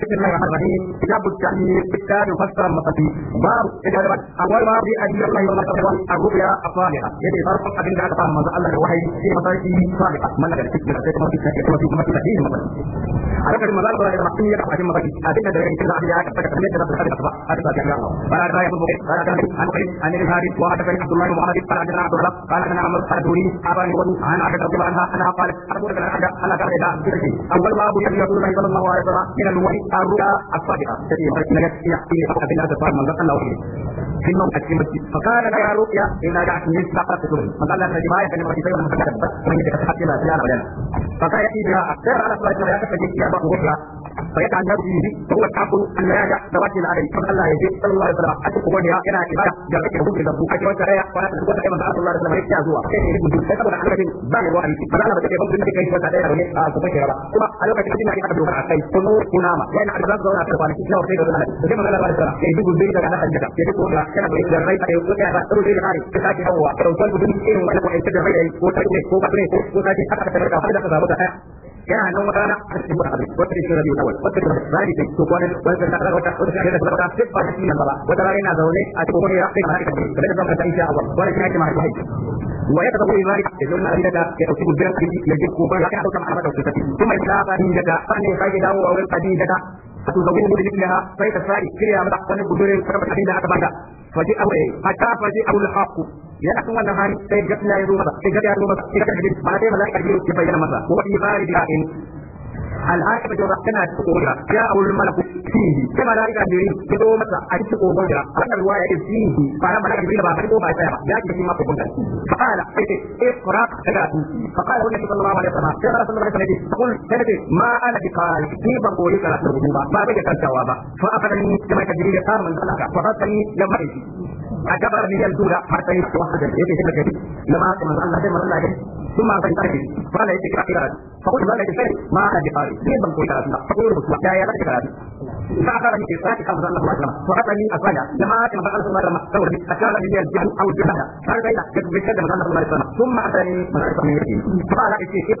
بسم الله الرحمن الرحيم كتاب التعليم بالتالي مفسر المصدي باب اجابات اول باب في ادعيه الله يوم القيامه الرؤيا الصالحه يدي فرق ابن ذاك قام من الله الوحي في مصالحه صالحه من لك الفكر في مصالحه في مصالحه في مصالحه على كل مدار الله يرحم يا رحمه مصالحه ابن ذاك كان ذاك يا كتاب كتاب كتاب كتاب كتاب هذا ذاك الله قال لا يقول بك قال كان عن قريب عن الهادي وعد بن عبد الله محمد قال عن عبد الله قال انا عمرو قال دوني ابا نور عن عبد الله عنها انها قالت اقول لك انا كان اول باب يدعي الله صلى الله عليه وسلم من الوحي الرؤيا الصادقة التي نجت فيها حين فقط بين هذا الفرق من ذكر الله فيه في النوم أكيد مسجد فقال لا يا رؤيا إلا جعت من سقط تدري فقال لا تجمع يا كلمة في سيدنا محمد بس من يتحدث إلى سيارة بدنا فقال يأتي بها أكثر على صلاة الملائكة فجئت يا أبا رؤيا sai ka da shi ko ka tafi Allah ya da wace na da kan Allah ya ji sallallahu alaihi wasallam a cikin wani yana ibada da kake hukunci da kake wata raya fara da kuma kai manzo Allah da sallallahu alaihi wasallam ya zuwa sai ka da kuma Allah din ba ne wani ba da kake ban din ne a kuma kira a lokacin da kake da dokar akai kuma kuna ma yana da a zauna a cikin kwanaki sai ka da Allah da kuma Allah da sallallahu alaihi wasallam ya duk gudu da kana da ya duk kuma kana da ya rai da ya da ruwa da wani din ta ko ko ko ko ko ko ko ko ko ko ko ko ko ko ko yana nan wata rana a cikin wata abin wata ke shirin awal wata ke zani da to kwanan wata ta kaga wata wata ke da wata sai ba shi nan ba wata rana yana zaune a cikin wani rafi da haka da da zaka tafi awal wani ne ma haji wa ya tabu imani da don Allah da ya dauki gudan kiji ya ji ko ba ka dauka ma ba da kuma ya ba ni daga ba ne sai dawo wurin kadi daga wato zagin da yake nuna sai ta sai kiriya mata wannan gudure ta kafa abin da aka bada faji abu ne hatta faji abu al-haq ya akan wannan hali sai gaskiya ya zo masa sai gaskiya ya zo masa sai gaskiya ya zo masa ba sai malaika ya bayyana masa ko ibari da in al'aqibatu jawra kana cikin gobara ya abul malaku fihi sai malaika jibril ya zo masa a cikin gobara wannan riwaya yake fihi ba na malaika jibril ba ko ba sai ba ya ce ma gobara ka sai iqra kada tu fa'ala wannan sallallahu alaihi wasallam sai rasulullah sallallahu alaihi wasallam kun sai ma ana bi qari ni ban koyi karatu ba ba bai kantawa ba fa afalani da malaika jibril ya fara manzalaka fa fasani da malaika a gabar ni yanzu da matsayin su wanda yake shi daga na ma ta manzo Allah sai manzo Allah sun ma san tarki fa la yake kira kira fa kullu ma yake sai ma ka ji fari sai ban koyi karatu fa kullu musu ya zaka karatu fa ka ni sai ka manzo Allah sallallahu ni asala da ma ta manzo Allah sallallahu alaihi wasallam saboda akala ni an au ka bi Allah sun ma ni fa la yake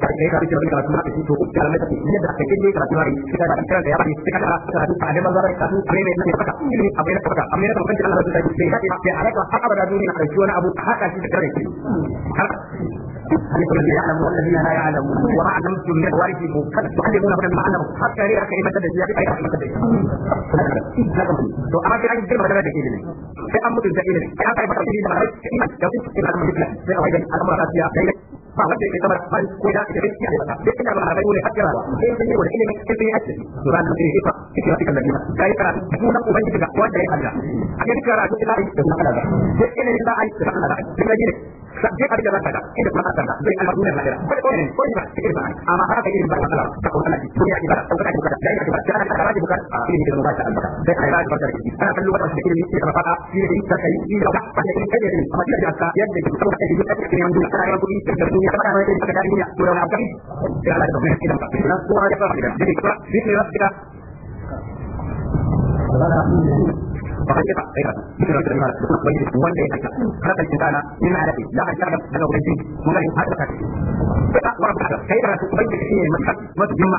kai ka fice ka kuma kai to da mai take yadda kai kai ka kuma kai ka da kira da ya bari ka da ka da ka da manzara ka da kai ne ne baka ilimi abai ka baka amma ka kanta Allah da kai sai ka ya alaka har abada duniya kai wani abu haka shi da kare shi يعلم والذين لا يعلمون وما علمتم من الوارث مبتلى تعلمون من المعلم حتى يرى كلمة الذي في أي حكمة to amma kira kin girma da kake ilimi sai an mutunta ilimi sai an kai ba ta ilimi da rai sai an ga kuma da kuma sai a wajen al'amura ta ba wanda yake kamar ban ko da ke gaskiya ne ba dai ina magana ne har jira sai sun yi wani ilimi sai sun yi aiki to ran da yake fa kike ya tika ladina kai karatu ku na ubangiji ga wanda ya hada a ga karatu ila da kuma Allah sai ilimi da aiki da Allah da ne sabbi abin da za ka da inda kuma ka da zai alma duniyar lahira ko ne ko ne ba cikin ba amma ka yi ba ko ko ya ko ka da ya da ka buka ilimi da mubaka albaka sai ka raji barka da shi ana kallo wata cikin ilimi da mafaka shi ne ta kai shi da ba da kai kai ne amma da ka yadda ka da duniya ka da duniya da da da mai kidan ka na ko ya fara da shi shi ne ba kai ka kai ka duk da kuma da kuma wani wanda ya kaka kada ka tsana ina da shi la ka daga wurin shi mun ga kai jimma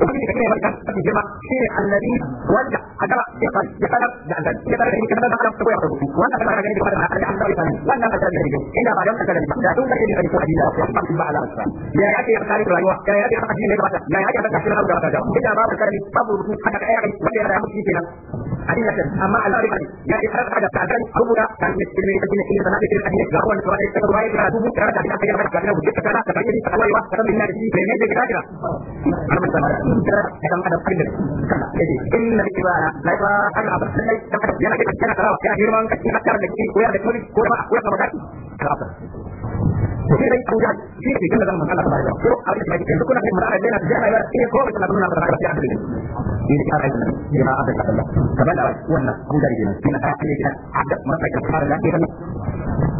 وابن كثير يرجع في جمع شيء الذي وجع حجر يقل يقل جعدا يقل يعني كما ما تقول يقول وانا كما كان يقول هذا على عند الانسان وانا ما كان يقول الى بعد ما كان يقول لا تقول لي في حديث الله في بعض الاسفار يا ياتي يختار الرايوه يا ياتي حق دين يبعث يا اذا باب الكلام تبو بكون حاجه اي ولا هذه لكن اما الاربع يا يقرا حاجه تعبان او لا كان يستلم يقدم الى بنات الحديث لا هو الراي الراي لا تبو كذا كذا كذا كذا كذا كذا da kan adam kan da kana yace inna bi ibana la ba an abada sai da yana da kana karawa ya girman ka kina kar da ki ko da ko ba ko ba karawa to sai dai shi ke kana da ko kuna da yana da ya ko ba ya ni ka rai ya ba abin Allah kaban da wannan kuja ne kina da ka fara da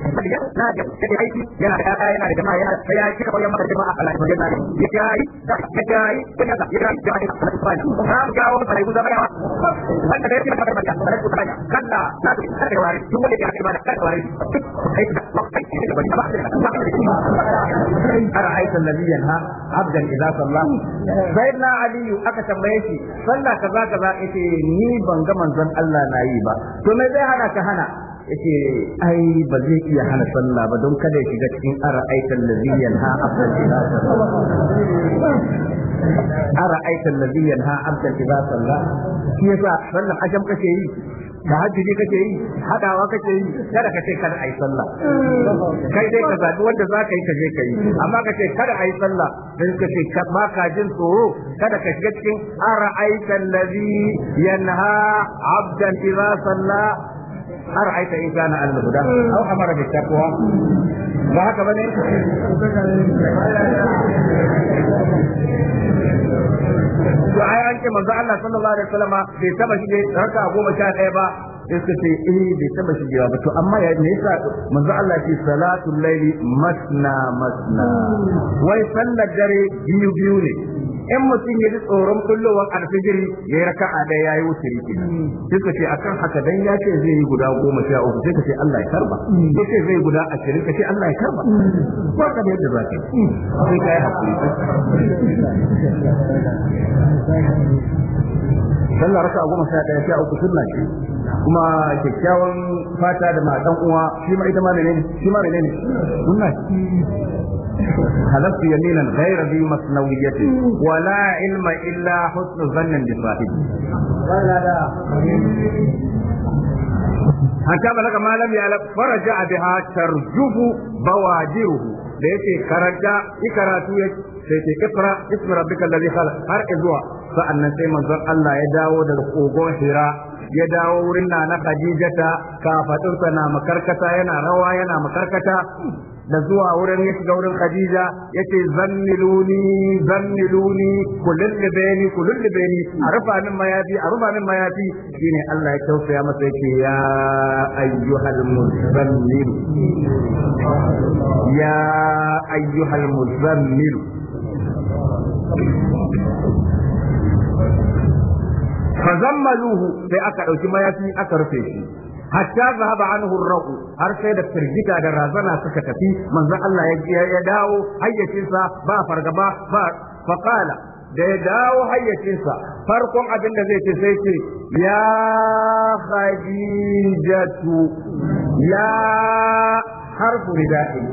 tafiya na da yake aiki yana da ƴaƴa yana da jama'a yana da ya kika koyon maka jama'a Allah ya jana ya kai da ya kai da ya kai da ya kai da ya kai ha ga wani sai ku zama yawa wanda da yake maka maka da ku tsaya kalla na ku tsaya wari duk wanda ya kai ba da kai wari kai da kai da ba ba ara aita nabiya ha abdan idza salla sayyidina ali aka tambaye shi sallah kaza kaza yace ni ban ga manzon Allah na yi ba to me zai hana ka hana yace ai ba zai iya hana sallah ba don kada ya shiga cikin ara, ara'aitan ladhi yanha afdal ila Ara, ladhi yanha afdal ila sallah shi yasa wannan ajam kake yi ka hajji kake yi hadawa kake yi kada ka ce kada ai sallah kai dai ka zabi wanda za ka yi ka je ka yi amma ka ce kada ai sallah dan ka ce ba ka jin tsoro kada ka shiga cikin ara'aitan ladhi yanha abdan idza salla أرأيت إن كان على الهدى أو أمر بالتقوى وهكذا to ai an ce manzo Allah sallallahu alaihi wasallama bai taba shi raka goma sha ɗaya ba suka ce eh bai taba shi ba to amma ya ne yasa manzo Allah ce salatul laili masna masna wai sallar dare biyu biyu ne in mutum ya ji tsoron kullowar alfijiri ya yi raka a ɗaya ya yi wuce riki hmm. sai ka ce akan haka dan ya ce zai yi guda goma sha uku sai ka ce Allah ya karba hmm. ya ce zai guda ashirin ka ce Allah ya karba hmm. ba ka da yadda za ka yi sai ka yi hakuri sallah raka goma sha ɗaya sha uku sunna ce kuma kyakkyawan fata da matan uwa shi ma ita ma ne shi ma ne sunna ce halaftu yaminan ghayra bi masnawiyati wa la ilma illa husnu zannin bi sahibi hatta balaga malam ya faraja biha tarjubu bawajiruhu da yake karanta ikaratu ya sai ke ikra ismi rabbika allazi khalaq har izuwa sa'annan sai manzon Allah ya dawo da kogon Hira ya dawo wurin na na Khadijata kafadinsa na makarkata yana rawa yana makarkata da zuwa wurin ya shiga wurin Khadija yace zanniluni zanniluni ku lullube ni ku lullube ni a rufa min mayafi a rufa min mayafi shine Allah ya ya masa yace ya ayyuhal muzammil ya ayyuhal muzammil fa zammaluhu sai aka dauki mayafi aka rufe shi hatta zahaba anhu ar-ra'u har sai da firgita da razana suka tafi manzo Allah ya dawo hayyacinsa ba fargaba ba faqala da ya dawo hayyacinsa farkon abin da zai ce sai ce ya khadijatu ya harfu rida'in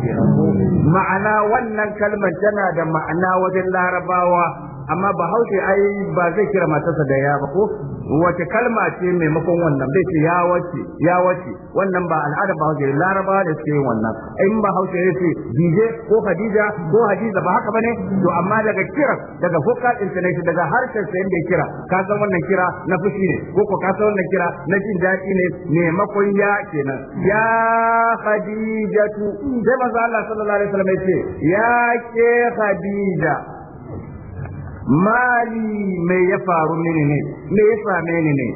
ma'ana wannan kalmar tana da ma'ana wajen larabawa amma bahaushe ai ba zai kira matarsa da ya ba ko wace kalma ce maimakon wannan bai ce ya wace wannan ba al'ada ba hauce laraba da suke wannan in ba hauce ya ce dije ko khadija ko hadiza ba haka ba ne. to amma daga kira daga hukka internet daga harshen sa yanda ya kira ka san wannan kira na fushi ne ko ko ka san wannan kira na jin daɗi ne maimakon ya kenan ya tu sai manzo Allah sallallahu alaihi wasallam ya ce ya ke khadija mali me ya faru mini ne me ya same ni ne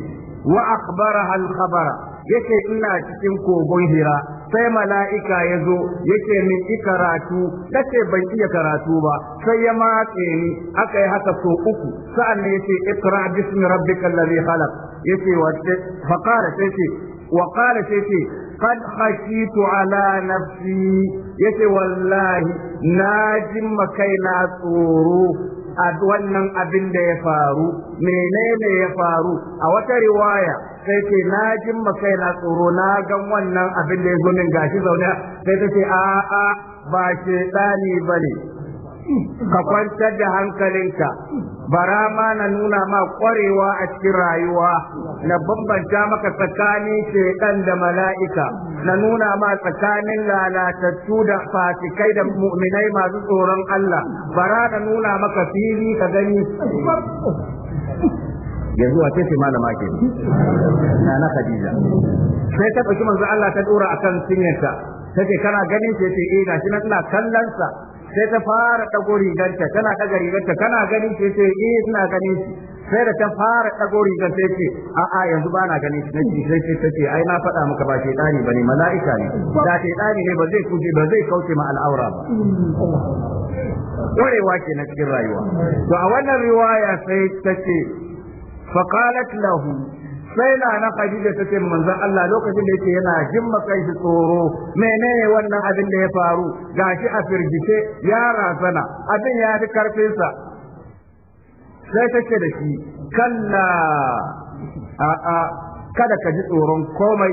wa akhbaraha al-khabara yace ina cikin kogon hira sai mala'ika ya zo yake min karatu ce ban iya karatu ba sai ya matse ni aka yi haka so uku sa'an ne yace ikra bismi rabbikal ladhi khalaq yake wace fa qala sai ce wa qala sai ce qad khashitu ala nafsi yake wallahi na jimma kaina tsoro a wannan abin da ya faru menene ya faru a wata riwaya sai ce na jin makai na tsoro na gan wannan abin da ya zo min gashi zaune sai ta ce a'a ba ba bane ka kwantar da hankalinka bara ma na nuna ma kwarewa a cikin rayuwa na bambanta maka tsakanin shekan da mala'ika na nuna ma tsakanin lalatattu da fasikai da mu'minai masu tsoron Allah bara na nuna maka fili ka gani yanzu a ce malama ke na na Khadija sai ta ɗauki manzo Allah ta dora akan sinyarta take kana ganin ce ce eh gashi na ina kallon sa sai ta fara ɗago rigarta tana ɗaga rigarta kana ganin shi sai eh ina ganin shi sai da ta fara ɗago rigar sai ce a a yanzu ba na ganin shi nake sai ce take ai na faɗa maka ba shedani bane mala'ika ne da shedani ne ba zai kuje ba zai kauce ma al'aura ba ƙwarewa ke na cikin rayuwa to a wannan riwaya sai ta ce faqalat lahu sai na na Khadija ta ce manzon Allah lokacin da yake yana jimma kai shi tsoro menene wannan abin da ya faru gashi a firgice ya razana abin ya fi sa sai ta ce da shi kalla a'a kada ka ji tsoron komai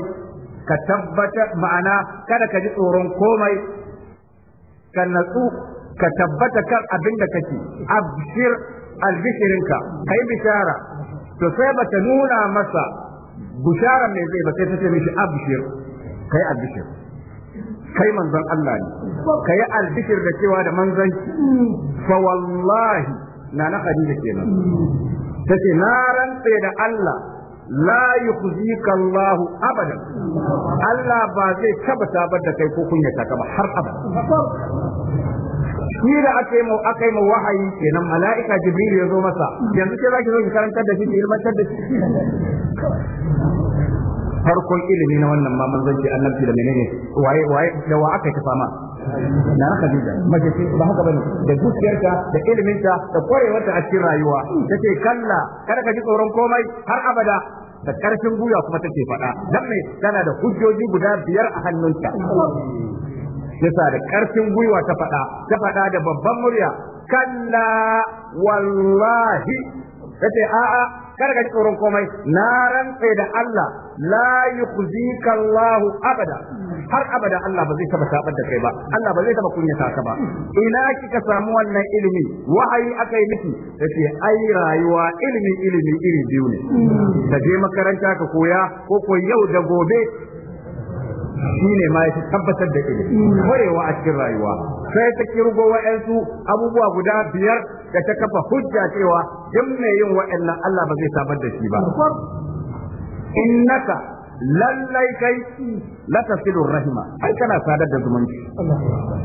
ka tabbata ma'ana kada ka ji tsoron komai ka natsu ka tabbata kan abin da kake abshir albishirinka kai bishara to sai bata nuna masa bisharar mai zai ba sai ta ce mishi abshir kai abshir kai manzon Allah ne kai albishir da cewa da manzon fa wallahi na na khadija kenan tace na rantse da Allah la yukhzika Allah abadan Allah ba zai taba tabar da kai ko kunya ka ba har abada shi da aka yi aka yi wahayi kenan mala'ika jibril ya zo masa yanzu ke zaki zo ki karantar da shi ki ilmantar da shi farkon ilimi na wannan ma zanci annabci da menene waye waye da wa aka ta fama na haka bija mace ce ba haka bane da dukiyarta da iliminta da kwarewarta a cikin rayuwa tace kalla kada ka ji tsoron komai har abada da karfin buya kuma take faɗa dan me tana da hujjoji guda biyar a hannunta yasa da karfin gwiwa ta faɗa ta faɗa da babban murya kalla wallahi kace a'a kar ka tsoron komai na rantse da Allah la yukhzika Allah abada har abada Allah ba zai taba sabar da kai ba Allah ba zai taba kunyata ka ba ina kika samu wannan ilimi wahayi akai miki kace ai rayuwa ilimi ilimi iri biyu ne ka je makaranta ka koya ko ko yau da gobe shine ma ya tabbatar da ilimi kwarewa a cikin rayuwa sai ta kirgo wa'ansu abubuwa guda biyar da ta kafa hujja cewa duk mai yin wa'annan Allah ba zai samar da shi ba innaka lallai kai la tasilu rahima ai kana sadar da zumunci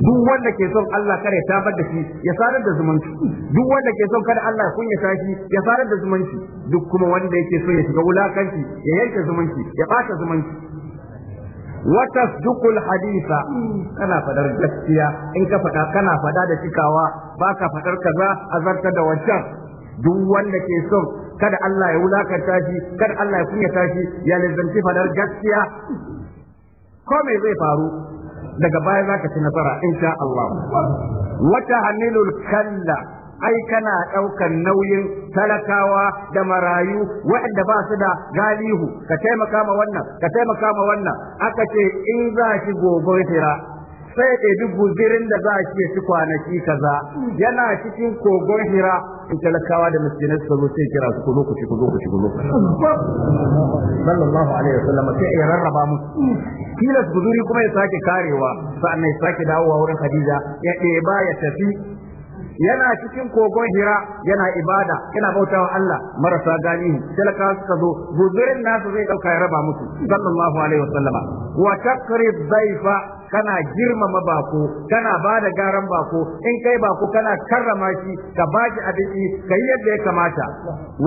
duk wanda ke son Allah kare tabar da shi ya sadar da zumunci duk wanda ke son kada Allah kunya shi ya sadar da zumunci duk kuma wanda yake so ya shiga wulakanci ya yanke zumunci ya bata zumunci وتصدق haditha kana fadar gaskiya in ka fada kana fada da cikawa baka fadar kaza azarta da wancan duk wanda ke so kada Allah ya wulaka shi kada Allah ya kunya shi ya lazanci fadar gaskiya ko me zai faru daga baya zaka ci nasara insha Allah wata hanilul kalla ai kana ɗaukan nauyin talakawa da marayu waɗanda ba su da galihu ka taimaka ma wannan ka taimaka ma wannan aka ce in za shi gobe fira sai ya ɗebi guzirin da za a ce su kwanaki kaza yana cikin kogon hira in talakawa da miskinai su zo sai kira su ku zo ku ci ku zo ku ci sallallahu alaihi wasallam sai ya rarraba musu kila guzuri kuma ya sake karewa sannan ya sake dawowa wurin Khadija ya ɗeba ya tafi yana cikin kogon hira yana ibada yana bautawa Allah marasa galihu talaka suka zo guzurin nasu zai dauka ya raba musu sallallahu alaihi wasallama wa takri dhaifa kana girmama bako kana bada da garan bako in kai bako kana karrama shi ka ba shi abinci ka yi yadda ya kamata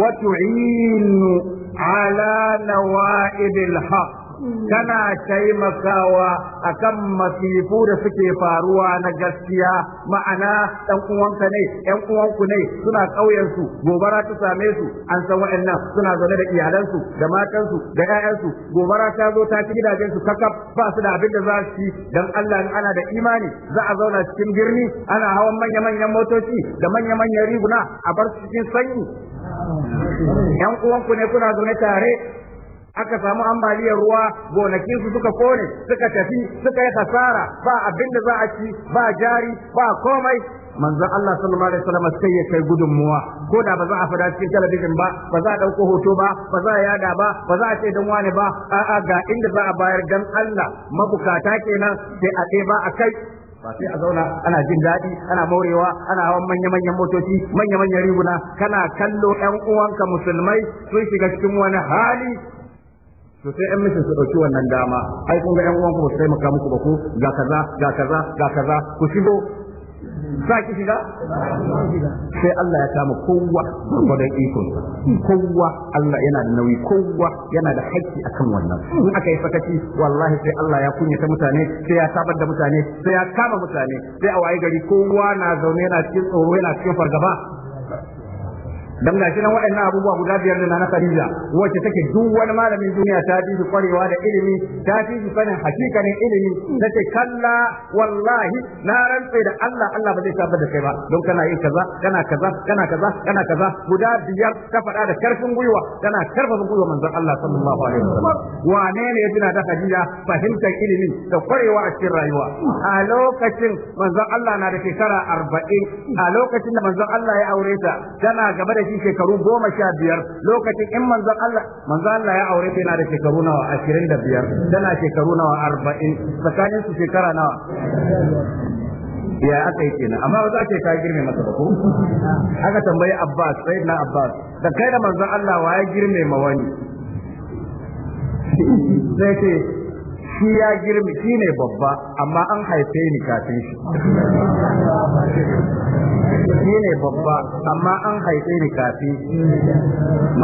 wa tu'inu ala nawa'ibil haqq kana taimakawa akan masifu da suke faruwa na gaskiya ma'ana dan uwanka ne yan uwanku ne suna ƙauyensu su gobara ta same su an san wa'annan suna zaune da iyalansu da matansu da 'ya'yansu gobara ta zo ta ci gidajen su kakaf ba su da abin da za su ci dan Allah in ana da imani za a zauna cikin birni ana hawan manya manyan motoci da manya manyan riguna a bar su cikin sanyi yan uwanku ne kuna zaune tare aka samu ambaliyar ruwa gonakin su suka kone suka tafi suka yi hasara ba abin da za a ci ba jari ba komai manzo Allah sallallahu alaihi wasallam sai ya kai gudunmuwa ko da ba za a fada cikin talabijin ba ba za a dauko hoto ba ba za a yada ba ba za a ce dan wane ba a'a ga inda za a bayar dan Allah mabukata kenan sai a ba a kai ba sai a zauna ana jin daɗi ana morewa ana hawan manya-manyan motoci manya-manyan riguna kana kallo 'yan uwanka musulmai sun shiga cikin wani hali to sai ƴan mijin su dauki wannan dama ai kun ga ƴan uwanku ba su taimaka muku ba ku ga kaza ga kaza ga kaza ku shigo za ki shiga sai Allah ya kama kowa gurgurdan ikon kowa Allah yana da nauyi kowa yana da hakki akan wannan in aka yi sakaci wallahi sai Allah ya kunya ta mutane sai ya sabar da mutane sai ya kama mutane sai a waye gari kowa na zaune yana cikin tsoro yana cikin fargaba dan gashi nan waɗannan abubuwa guda biyar da na Khadija wacce take duk wani malamin duniya ta fi kwarewa da ilimi ta fi sanin hakikanin ilimi ce kalla wallahi na rantsa da Allah Allah ba zai tabbata da kai ba don kana yin kaza kana kaza kana kaza kana kaza guda biyar ta faɗa da karfin gwiwa tana karfafa gwiwa manzon Allah sallallahu alaihi wasallam wane ne ya tuna da hadiya fahimtar ilimi da kwarewa a cikin rayuwa a lokacin manzon Allah na da shekara arba'in a lokacin da manzon Allah ya aure ta tana gaba da shi shekaru goma sha biyar lokacin in manzon Allah manzon Allah ya aure ta yana da shekaru nawa ashirin da biyar tana shekaru nawa arba'in tsakanin su shekara nawa ya aka yi kenan amma ba za ce ka girme masa ba ko aka tambayi Abbas na Abbas da kai da manzon Allah wa ya girme ma wani sai ce shi ya girme shi ne babba amma an haife ni kafin shi babba amma an haife ni kafi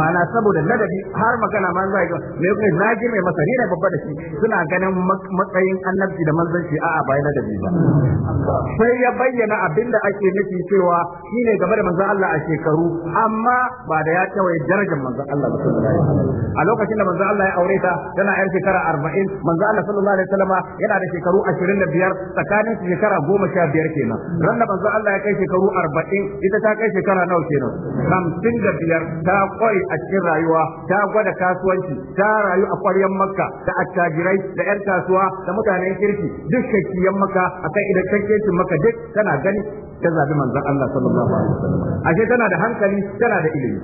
ma'ana saboda ladabi har magana man zai ga me kuma na mai masa ni ne babba da shi suna ganin matsayin annabi da manzon shi a'a bai ladabi ba sai ya bayyana abinda ake nufi cewa shine game da manzon Allah a shekaru amma ba da ya tawaye darajar manzon Allah ba sallallahu alaihi wasallam a lokacin da manzon Allah ya aure ta tana yar shekara 40 manzon Allah sallallahu alaihi wasallam yana da shekaru 25 tsakanin shekara 15 kenan ran da manzon Allah ya kai shekaru 40 ita ta kai shekara nawa kenan hamsin da biyar ta kware a cikin rayuwa ta gwada kasuwanci ta rayu a kwaryan makka da attajirai da yan kasuwa da mutanen kirki duk shakiyan makka akan idan kankencin makka duk tana gani ta zabi manzon Allah sallallahu alaihi wasallam ashe tana da hankali tana da ilimi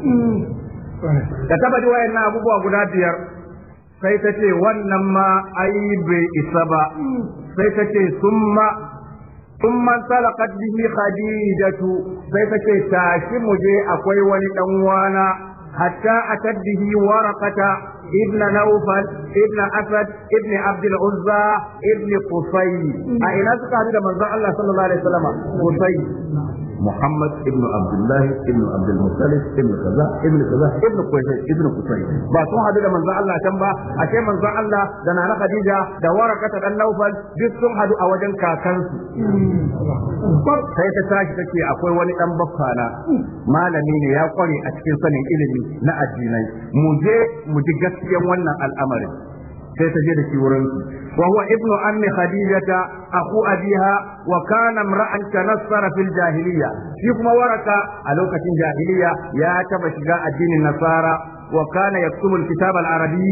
da taba ji na abubuwa guda biyar sai ta ce wannan ma ai bai isa ba sai ta ce ma. Summan man salakat bihi khadijatu zai ta ce tashi mu je akwai wani ɗan wana hatta a bihi waraqata ibn nawfal ibn asad ibn abd al ibn qusay a ina suka da manzon Allah sallallahu alaihi wasallam qusay Muhammad ابن عبد الله ابن عبد المطلب ابن كذا ابن كذا ابن قيس ba sun hadu da manzon Allah can ba ashe manzon Allah da nana Khadija da warakata ɗan Naufal duk sun hadu a wajen kakansu sai ta tashi take akwai wani ɗan baffana malami ne ya kware a cikin sanin ilimi na addinai mu je mu ji gaskiyan wannan al'amarin sai ta je da shi wurin su wa huwa ibnu ammi khadijata aku abiha wa kana imra'an tanassara fil jahiliya shi kuma waraka a lokacin jahiliya ya taba shiga addinin nasara wa kana yaktubu al-kitab arabi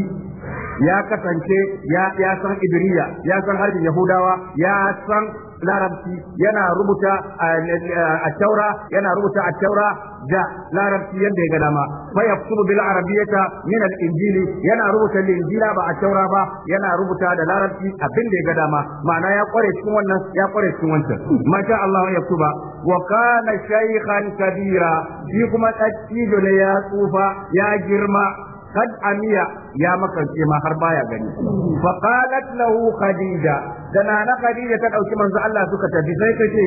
ya kasance ya ya san ibriya ya san harbin yahudawa ya san larabci yana rubuta a taura yana rubuta a taura da larabci yadda ya ga ma. fa yaktubu bil arabiyyata min al injili yana rubuta linjila ba a taura ba yana rubuta da larabci abin da ya gada dama ma'ana ya kware cikin wannan ya kware cikin wancan masha Allah ya kuba wa kana shaykhan kabira shi kuma dattijo ne ya tsufa ya girma a miya ya makance ma har baya gani fa qalat lahu khadija da na khadija ta ɗauki manzo Allah suka tafi sai ta ce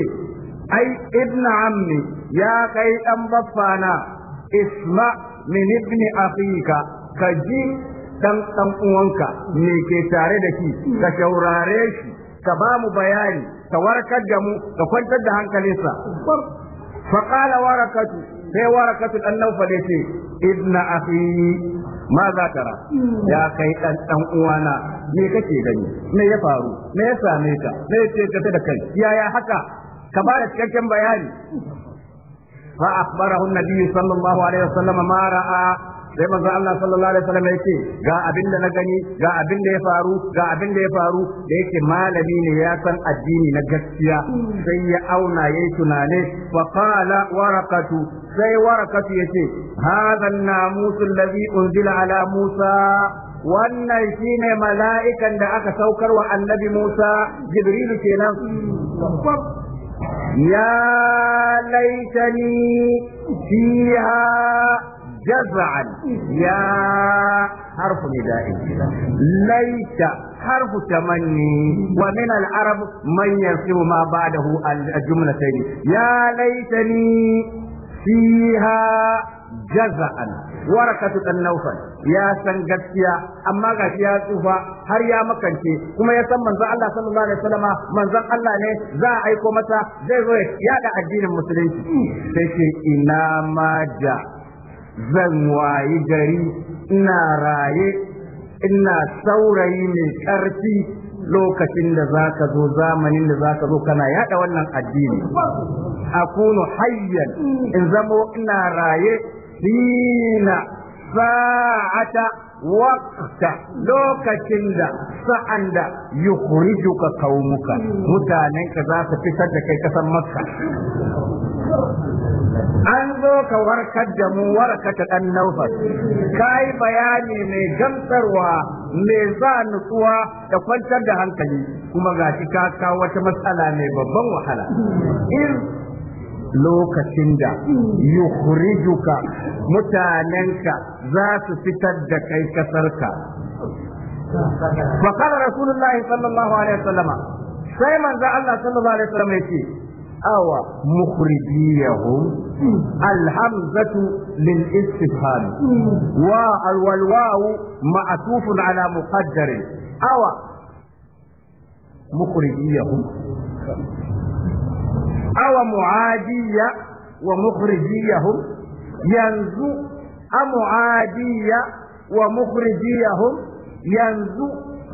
ai ibn Amni ya kai ɗan baffana isma min ibn Ka ji ɗan ɗan uwanka me ke tare da ki. ka shaurare shi ka ba mu bayani ka warkar da mu ka kwantar da hankalinsa fa qala warakatu sai warakatu ɗan naufal yace ibn akhi ma za ka ra hmm. ya kai dan dan uwana me kake gani me ya faru me ya same ka me ya ce ka da kai ya ya haka ka bada cikakken bayani fa akbarahu nabi sallallahu alaihi wasallam ma ra'a sai manzo Allah sallallahu alaihi wasallam yake ga abin da na gani ga abin da ya faru ga abin da ya faru da yake malami ne ya san addini na gaskiya sai ya auna yayi tunane fa qala waraqatu sai waraqatu yace hadha an-namus alladhi unzila ala Musa wannan shine mala'ikan da aka saukar wa annabi Musa Jibrilu kenan ya laitani fiha جزعا يا حرف نداء ليس حرف تمني ومن العرب من ينصب ما بعده الجملتين يا ليتني فيها جزعا warakatu dan naufal ya san gaskiya amma gashi ya tsufa har ya makance kuma ya san manzon Allah sallallahu alaihi wasallama manzon Allah ne za a aiko mata zai zo ya da addinin musulunci sai ina zan wayi gari ina raye ina saurayi mai ƙarfi lokacin da za ka zo zamanin da za ka zo kana yada wannan addini akunu hayyan in zamo ina raye dina sa'ata waqta lokacin da sa'an da yukhrijuka qaumuka mutanen ka za su fitar da kai kasan makka an zo ka warkar da mu Ɗan dan naufal kai bayani mai gamsarwa mai za nutsuwa da kwantar da hankali kuma ga shi ka kawo wata matsala mai babban wahala in lokacin da yukhrijuka mutanenka za su fitar da kai kasarka wa qala rasulullahi sallallahu alaihi wasallam sai manzo Allah sallallahu alaihi wasallam yace awa mukhrijiyahum alhamzatu lil istifham wa alwal waw ma'tufun ala muqaddar awa mukhrijiyahum awa muadiya wa mukhrijiyahum yanzu amu'adiya wa mukhrijiyahum yanzu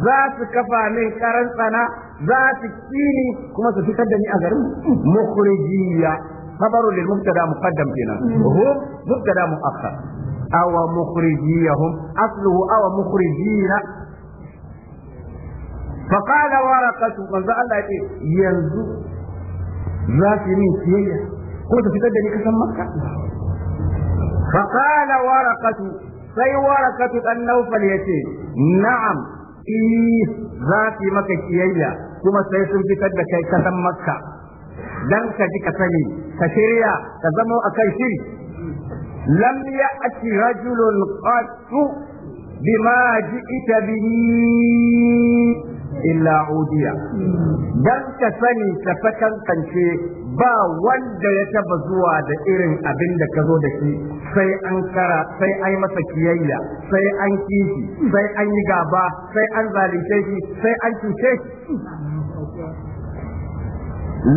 za su kafa min karan tsana za su kini kuma su fitar da ni a garin mukhrijiya khabaru lil mubtada muqaddam kenan mm. hum mubtada muakhar aw mukhrijiyahum asluhu aw mukhrijina فقال ورقة من ذا الله ينزو ذات من سيئة ko ta fitar da ni kasan makka فقال ورقة سي ورقة النوفل يتي نعم إيه ذاتي مكة كيئية كما سيسم في كدك كي كسم مكة دنك جي كسني كشريا كزمو أكي شري لم يأتي رجل قط بما جئت به إلا udiya dan ka sani كنشي ba wanda ya taba zuwa da irin abin da ka zo da shi sai an kara sai an yi masa kiyayya sai an kishi sai an yi gaba sai an zalunce shi sai an cuce shi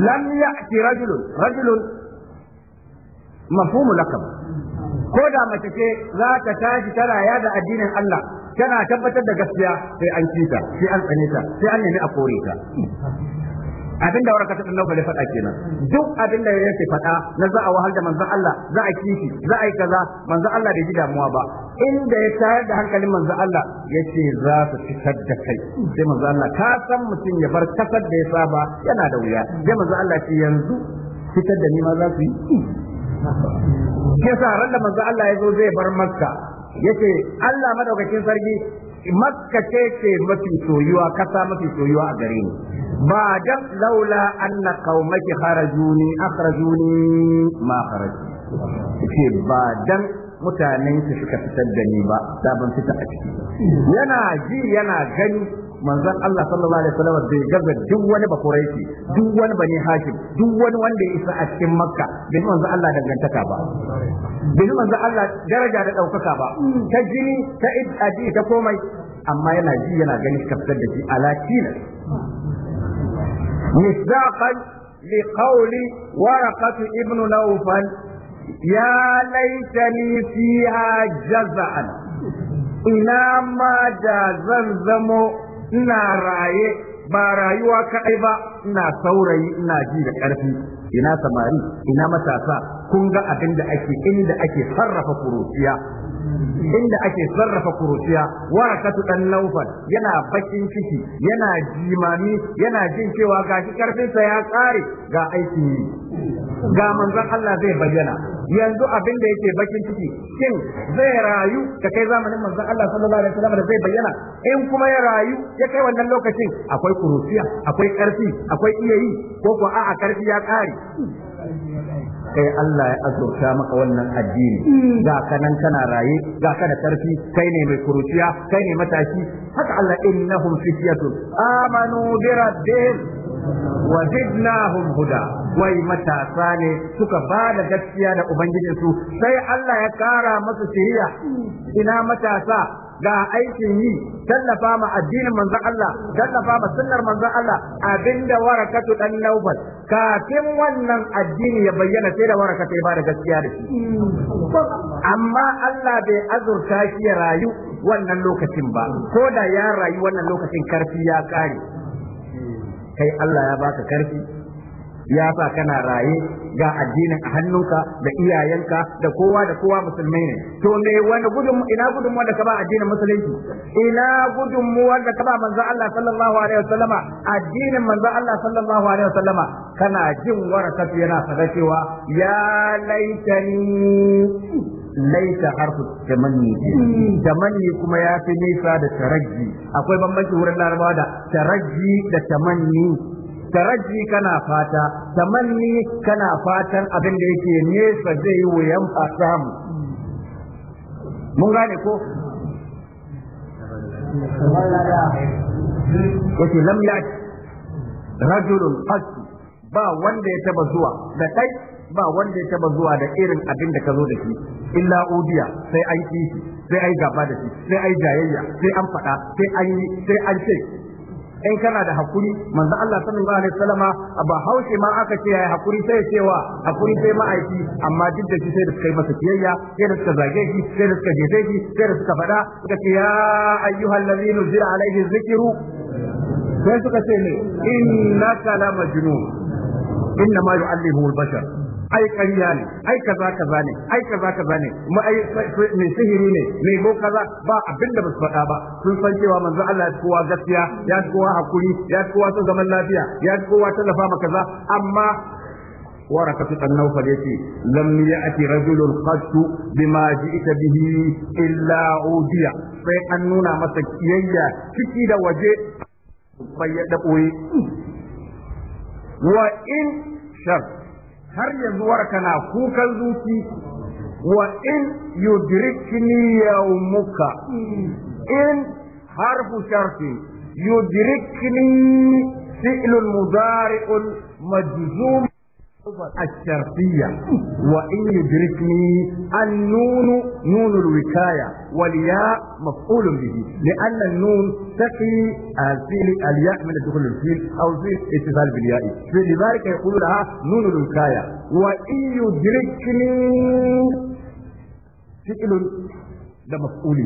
lam ya'ti rajulun rajulun mafhumu lakam ko da mace ce za ta tashi tana yada addinin Allah tana tabbatar da gaskiya sai an kita sai an tsane ta sai an nemi a kore ta abin da waraka ta nauka faɗa kenan duk abin da yake faɗa na za a wahal da manzon Allah za a kishi za a yi kaza manzon Allah bai ji damuwa ba inda ya tayar da hankalin manzon Allah yace za su fitar da kai sai manzon Allah ka san mutum ya bar kasar da ya saba yana da wuya sai manzon Allah ce yanzu fitar da ni ma za su yi ke sa ran da manzon Allah ya zo zai bar Makka yace Allah madaukakin sarki makka ce ce mafi soyuwa kasa mafi soyuwa a gare ni ba dan laula anna qaumaki kharajuni akhrajuni ma kharaj ce ba dan mutanen ki suka fitar da ni ba da ban fita a ciki yana ji yana gani manzon Allah sallallahu alaihi wasallam bai gaza duk wani bakuraici duk wani bani hashim duk wani wanda ya isa a cikin makka bai manzon Allah dangantaka ba bai manzon Allah daraja da daukaka ba ta jini ta ibadi ta komai amma yana ji yana gani kafsar da shi alakina misaqan لقول ورقة Ibn نوفل ya ليتني فيها جزعا ina ma da zan zamo ina raye ba rayuwa kaɗai ba ina saurayi ina ji da ƙarfi ina samari ina matasa kun ga abin da ake inda ake sarrafa kuruciya inda ake sarrafa kuruciya warakatu dan naufal yana bakin ciki yana jimami yana jin cewa gashi karfinsa ya kare ga aikin yi ga manzon Allah zai bayyana yanzu abin da yake bakin ciki shin zai rayu ta kai zamanin manzon Allah sallallahu alaihi wasallam da zai bayyana in kuma ya rayu ya kai wannan lokacin akwai kuruciya akwai karfi akwai iyayi ko ko a'a karfi ya kare kai Allah ya azurta maka wannan addini hmm. ga nan kana raye ga ka da karfi kai ne mai kuruciya kai ne mataki. haka Allah innahum fityatun amanu bi rabbihim wa zidnahum huda wai matasa ne suka ba da gaskiya da ubangijinsu sai Allah ya kara masa shiriya hmm. ina matasa ga aikin yi tallafa ma addinin manzon Allah tallafa ma sunnar manzon Allah abinda warakatu dan naubal kafin wannan addini ya bayyana sai da warakatu ba da gaskiya da shi amma Allah bai azurta shi ya rayu wannan lokacin ba ko da ya rayu wannan lokacin karfi ya kare kai Allah ya baka karfi ya sa kana raye ga addinin a hannunka da iyayenka da kowa da kowa musulmai ne to ne wani gudun ina gudun wanda ka ba addinin musulunci ina gudun wanda ka ba manzo Allah sallallahu alaihi wasallama addinin manzo Allah sallallahu alaihi wasallama kana jin warakatu yana sada cewa ya laitani laita harfu tamanni tamanni kuma ya fi nisa da taraji akwai bambanci wurin larabawa da taraji da tamanni taraji kana fata tamanni kana fatan abin da yake nesa zai yi wuyan mu. mun gane ko yake lam rajulun ba wanda ya taba zuwa da kai ba wanda ya taba zuwa da irin abin da ka zo da shi illa udiya sai an kishi sai ai gaba da shi sai ai jayayya sai an faɗa sai an yi sai an ce in kana da hakuri manzo Allah sallallahu alaihi wasallama ba haushe ma aka ce yayi hakuri sai cewa hakuri sai ma'aiki amma duk da shi sai da suka masa kiyayya sai da suka zage shi sai da suka jefe shi sai da suka fada suka ce ya ayyuhal ladhina zira alaihi zikru sai suka ce ne innaka la majnun inna ma yu'allimu bashar ai ƙarya ne ai kaza kaza ne ai kaza kaza ne kuma ai mai sihiri ne mai bo kaza ba abin da ba su faɗa ba sun san cewa manzo Allah ya kowa gaskiya ya kowa hakuri ya kowa son zaman lafiya ya kowa tallafa ma kaza amma ورقة النوفل يتي لم يأتي رجل قط بما جئت به إلا أودي فأنونا مسكيا تكيد وجه فيدقوي وإن شر har yanzu warka na kukan zuci wa in yudrikni yawmuka in harfu sharfi yudrikni fi'lun mudari'un majzum الشرطية وإن يدركني النون نون الوكاية والياء مفعول به لأن النون تقي الفيل الياء من دخول الفيل أو في اتصال بالياء فلذلك يقول لها نون الوكاية وإن يدركني فعل ده مفعول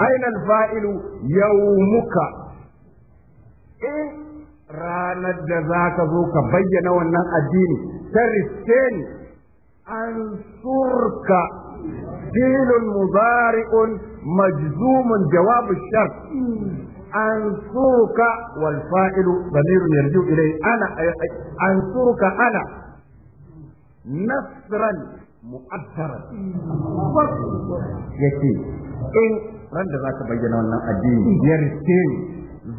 أين الفاعل يومك إيه ranar da za ka zo ka bayyana wannan addini ta riske ni an surka dilun mubari'un majzumun jawabu shar an surka wal fa'ilu damirun yarju ilai ana an surka ana nasran mu'addara yake in ran da za ka bayyana wannan addini ya riske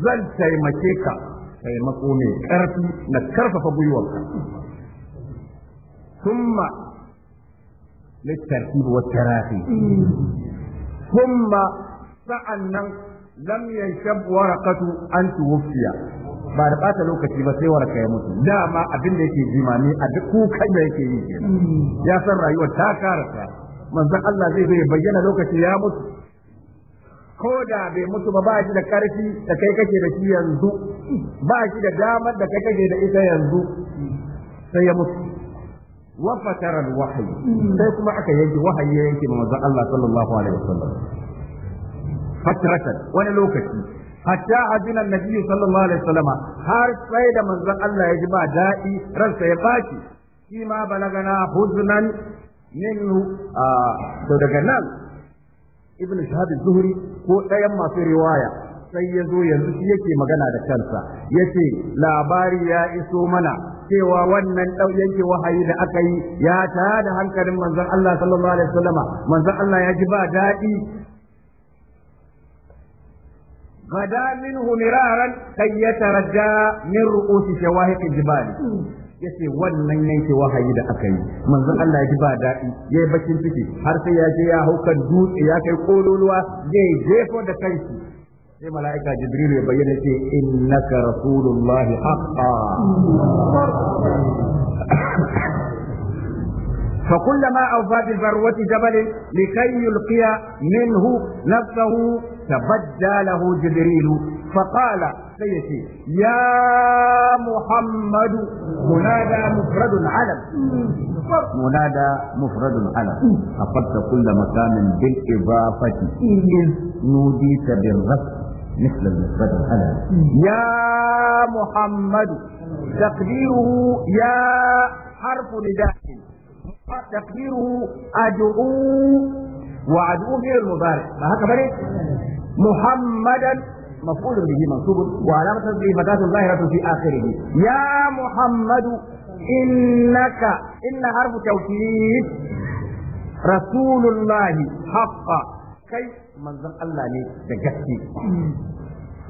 zan taimake ka taimako mai ƙarfi na karfafa gwiwarka ثم للترتيب kuma ثم sa'annan lam yanshab waraqatu an tuwfiya ba da ta lokaci ba sai waraka ya mutu dama abin da yake ne a duk kukan da yake yi ya san rayuwar ta karasa manzon Allah zai zai bayyana lokaci ya mutu ko da bai mutu ba ba shi da karfi da kai kake da shi yanzu ba shi da damar da kai kake da ita yanzu sai ya mutu wa fatara wahayi sai kuma aka yanke wahayi ya yanke manzon Allah sallallahu alaihi wasallam fataratan wani lokaci hatta azina annabi sallallahu alaihi wasallama har sai da manzon Allah ya ji ba daɗi ransa ya baci shi ma balagana huznan minhu ah, to daga nan ibn shahab zuhri ko ɗayan masu riwaya sai ya zo yanzu shi yake magana da kansa ya ce labari ya iso mana cewa wannan yanke wahayi da aka yi ya ta da hankalin manzon Allah sallallahu alaihi wasallama manzon Allah ya ji ba daɗi غدا منه مرارا كي يترجى من رؤوس شواهق الجبال ya ce wannan yanke wahayi da aka yi manzon Allah ya ji ba daɗi ya yi bakin ciki har sai ya je ya hau kan dutse ya kai kololuwa zai jefo da kanki sai mala'ika jibril ya bayyana ce innaka rasulullahi haqqa فكلما أوفى بذروة جبل لكي يلقي منه نفسه تبدى له جبريل فقال sai ya ce ya muhammadu munada mufradun alam munada mufradun alam afatta kulla makamin bil idafati in nudita bil rafi مثل المفرد الألم يا محمد تقديره يا حرف نداء تقديره أدعو وأدعو في المضارع فهكذا محمدا مفعول به منصوب وعلامة به فتاة ظاهرة في آخره يا محمد إنك إن حرف توكيد رسول الله حقا كيف manzon Allah ne da gaske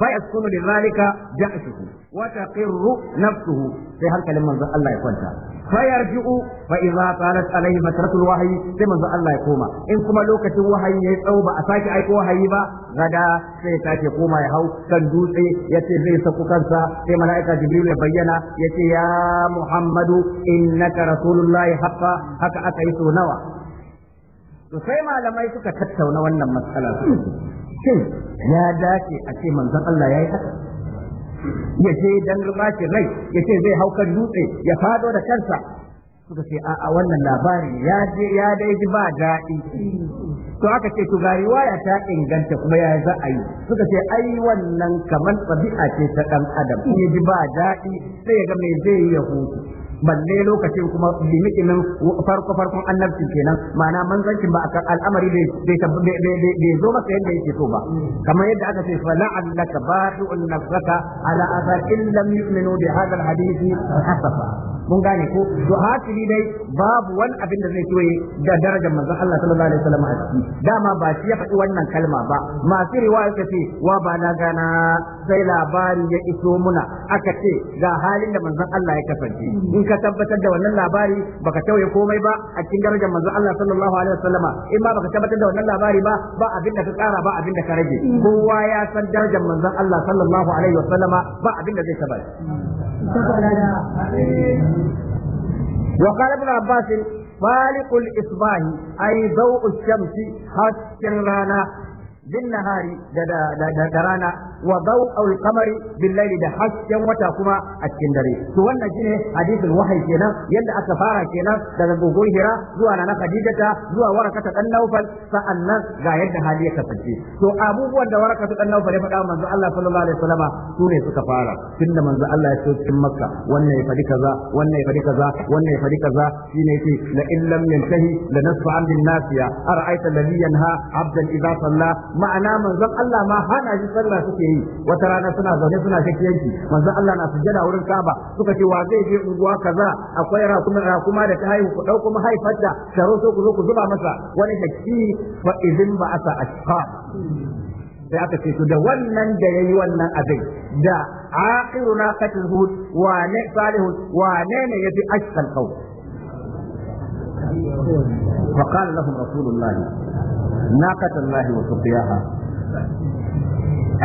فيسكن لذلك جأشه وتقر نفسه في هل من الله يكون فيرجع فإذا طالت عليه فترة الوحي كما الله يقوم إن كما لوكة الوحي أو بأساك أي وحي با غدا سيتاك يقوم يهو كندوسي يتي زي سكوكنسا في ملائكة جبريل يبين يتي يا محمد إنك رسول الله حقا حقا أكيسو نوى sai malamai suka tattauna wannan matsala shin ya dace a ce manzon Allah ya yi haka ya ce dan rubaci rai ya ce zai hau kan dutse ya fado da kansa suka ce a wannan labari ya je ya dai ji ba daɗi to aka ce to ga riwaya ta inganta kuma ya za a yi suka ce ai wannan kamar tabi'a ce ta dan adam ya ji ba daɗi sai ya ga me zai yi ya hutu balle lokacin kuma limitin farko farkon annabci kenan ma'ana manzancin ba akan al'amari bai zo maka yadda yake so ba kamar yadda aka ce fa la'allaka ba'i'un nafsaka ala asakin lam yu'minu bi hadha alhadith hasafa mun gane ko to hasili dai babu wani abin da zai toye da darajar manzon Allah sallallahu alaihi wasallam a ciki dama ba shi ya faɗi wannan kalma ba masu riwaya ya ce wa ba na gana sai labari ya iso muna aka ce ga halin da manzon Allah ya kasance in ka tabbatar da wannan labari baka tauye komai ba a cikin darajar manzo Allah sallallahu alaihi wasallama in ba baka tabbatar da wannan labari ba ba abin da ka kara ba abin da ka rage kowa ya san darajar manzon Allah sallallahu alaihi wasallama ba abin da zai tabbata وقال ابن عباس فالق الإصباح أي ضوء الشمس حسن rana. bin nahari da rana wa daw'ul qamari bil da hasken wata kuma a cikin dare to wannan shine hadithul wahyi kenan yadda aka fara kenan daga gogon hira zuwa na khadijata zuwa warakata dan sa'an sa'annan ga yadda hali ya kasance to abubuwan da warakata dan naufal ya faɗa manzo Allah sallallahu alaihi wasallama su ne suka fara tunda manzo Allah ya so cikin makka wannan ya faɗi kaza wannan ya faɗi kaza wannan ya faɗi kaza shine yake la in lam yantahi lanasfa'an bin nasiya ara'aita alladhi yanha 'abdan idha salla ma'ana manzon Allah ma hana shi sallah suke yi wata rana suna zaune suna shakiyanki manzon Allah na sujjada wurin Ka'aba suka ce wa zai je unguwa kaza akwai rakuma rakuma da ta haihu ku dauko mahaifarta sharo so ku zo ku zuba masa wani shakki fa idin ba asa ashqa sai aka ce da wannan da yayi wannan abin da akhiru naqatul hud wa ne salihun wa ne ne yafi ashqal qawl فقال لهم رسول الله ناقة الله وسقياها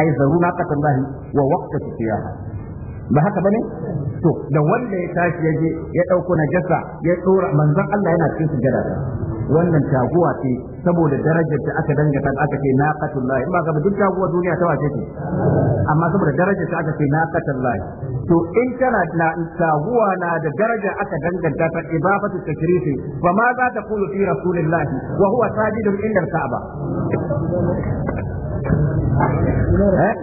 أي ذروا ناقة الله ووقت سقياها ba haka bane to da wanda ya tashi yaje ya dauko najasa ya tsora manzon Allah yana cikin sujada wannan taguwa ce saboda darajar da aka dangata aka ce naqatullahi ba ga duk taguwa duniya ta wace ce amma saboda darajar da aka ce na naqatullahi to in kana na taguwa na da daraja aka danganta ta ibafatu tashrifi wa ma za ta qulu fi rasulillahi wa huwa sajidun inda al-ka'ba eh?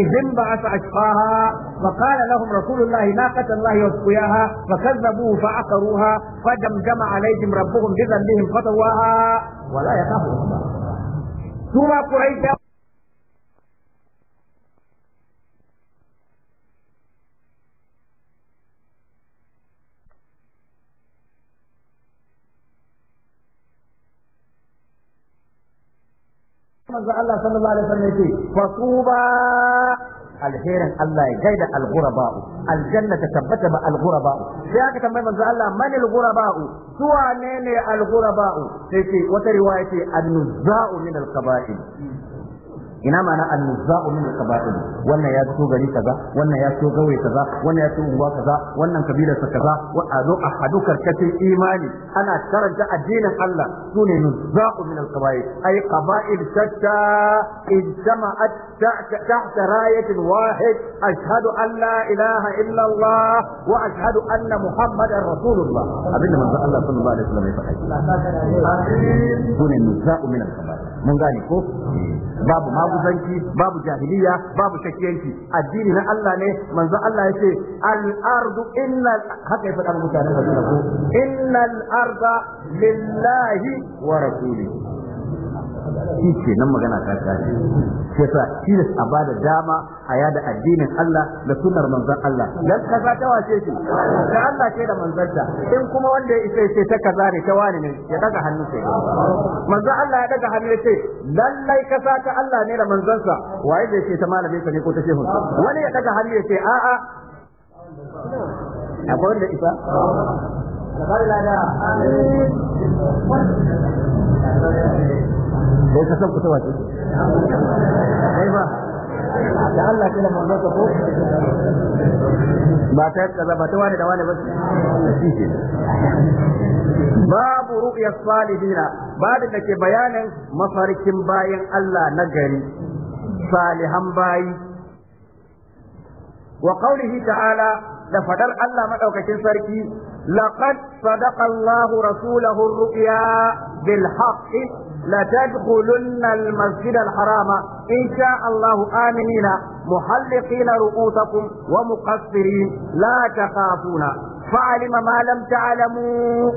إذ انبعث أشقاها فقال لهم رسول الله ناقة الله وسقياها فكذبوه فعقروها فدمدم عليهم ربهم بذنبهم فطواها ولا يخافوا ثم قريش manzo Allah sallallahu alaihi wasallam yake fasuba alherin Allah ya gaida al-ghuraba'u aljanna ta tabbata ba al-ghuraba'u sai aka tambaye manzo Allah man al-ghuraba'u ne ne al sai ce wata riwaya ce an-nuzza'u min al-qaba'il ina ma'ana annuza'u min al wannan ya fito gari kaza wannan ya fito gawayi kaza wannan ya fito unguwa kaza wannan kabilar sa kaza wa azu imani ana karanta addinin Allah sune nuza'u min al ay qaba'il shatta ijtama'at tahta rayatin wahid ashhadu an la ilaha illa Allah wa ashhadu anna muhammadar rasulullah abinda manzo Allah sallallahu alaihi wasallam ya faɗa sune nuza'u min al-qaba'il mun gane ko munafisanci babu jahiliya babu shakiyanci addini na Allah ne manzo Allah yace al ardu inna haka ya faɗa mutanen da inna al arda lillahi wa rasulihi shi ce nan magana ta kare shi yasa tilas a bada dama a yada addinin Allah da sunnar manzon Allah dan kaza ta wace shi da Allah ce da manzonta in kuma wanda ya isa ce ta kaza ne ta wani ne ya daga hannu sai manzon Allah ya daga hannu sai lallai kaza ta Allah ne da manzonsa waye da ce ta malame ka ne ko ta shehun wani ya daga hannu ya ce a'a akwai wanda isa da ka san kusa ba da Allah kila ko ba ta kaza ba ta wani da wani ba ke babu ru'ya salihina babin da ke bayanin mafarkin bayan Allah na gari salihan bayi wa ta'ala da fadar Allah madaukakin sarki لقد صدق الله رسوله الرؤيا بالحق لتدخلن المسجد الحرام إن شاء الله آمنين محلقين رؤوسكم ومقصرين لا تخافون فعلم ما لم تعلموا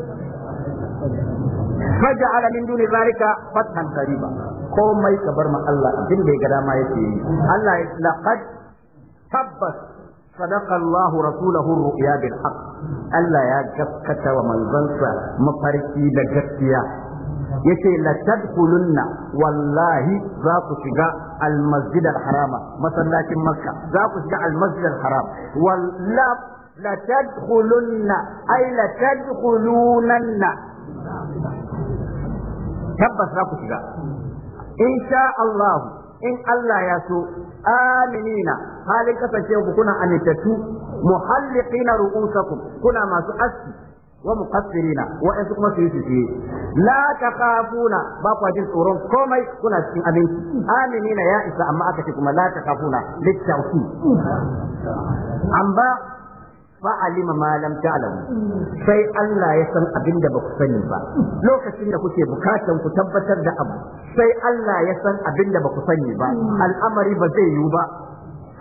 فجعل من دون ذلك فتحا قريبا قوم ما يكبر ما الله دين بيقدام ما يتيه الله لقد تبت صدق الله رسوله الرؤيا بالحق ألا يا جفكة ومن ظنسة مفرسي لجفكية yace la tadkhulunna wallahi za ku shiga almasjid alharam masallacin makka za ku shiga almasjid alharam walla la tadkhulunna ay la tadkhulunanna tabbas za ku shiga insha in Allah ya so aminina halin kasance ku kuna amintattu muhalliqina ru'usakum kuna masu aski wa muqassirina wa in kuma su yi la takhafuna ba ku jin tsoron komai kuna cikin aminci aminina ya isa amma aka ce kuma la takhafuna littawfi amma fa'alima ma lam ta'lamu sai Allah ya san abin da ku sani ba lokacin da kuke bukatan ku tabbatar da abu sai Allah ya san abin da baku sani ba al'amari ba zai yiwu ba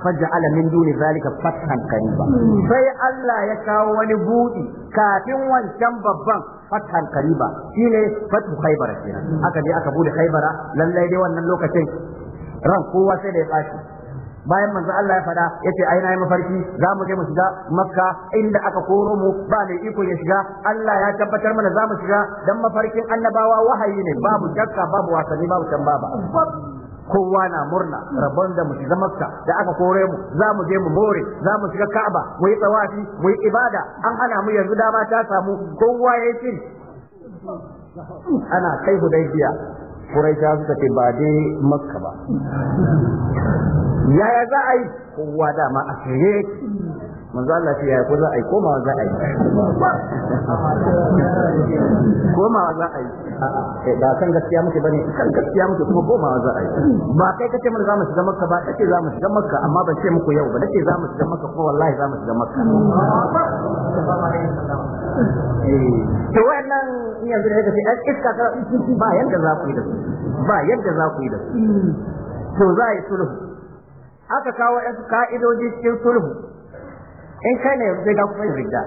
alamin من دون ذلك فتحا ba sai Allah ya kawo wani buɗi kafin wancan babban fathan shi shine fatu khaybara kenan aka je aka bude haibara lallai dai wannan lokacin ran kowa sai da ya bashi bayan manzo Allah ya fada yace ai nayi yi mafarki za mu je mu shiga makka inda aka koro mu ba ne iko ya shiga Allah ya tabbatar mana za mu shiga dan mafarkin annabawa wahayi ne babu jakka, babu wasanni babu tambaba kowa na murna rabon da mu shiga makka da aka kore mu za mu je mu more za mu shiga ka'aba mu yi tsawafi mu yi ibada an hana mu yanzu dama ta samu kowa ya yi ana kai hudaybiya quraisha suka ce ba dai makka ba yaya za a yi kowa dama a shirye manzo Allah ce ya ko za a yi komawa za a yi komawa za a yi eh, ba kan gaskiya muke bane kan gaskiya muke kuma komawa za a yi ba kai kace mun za mu shiga makka ba kace za mu shiga makka amma ban ce muku yau ba nace za mu shiga makka ko wallahi za mu shiga makka eh, to wannan yanzu da kace an iska ba yanda za ku yi da su ba yanda za ku yi da su to za a yi sulhu aka kawo ka'idoji cikin sulhu in eh, kai ne zai ga kuma rigya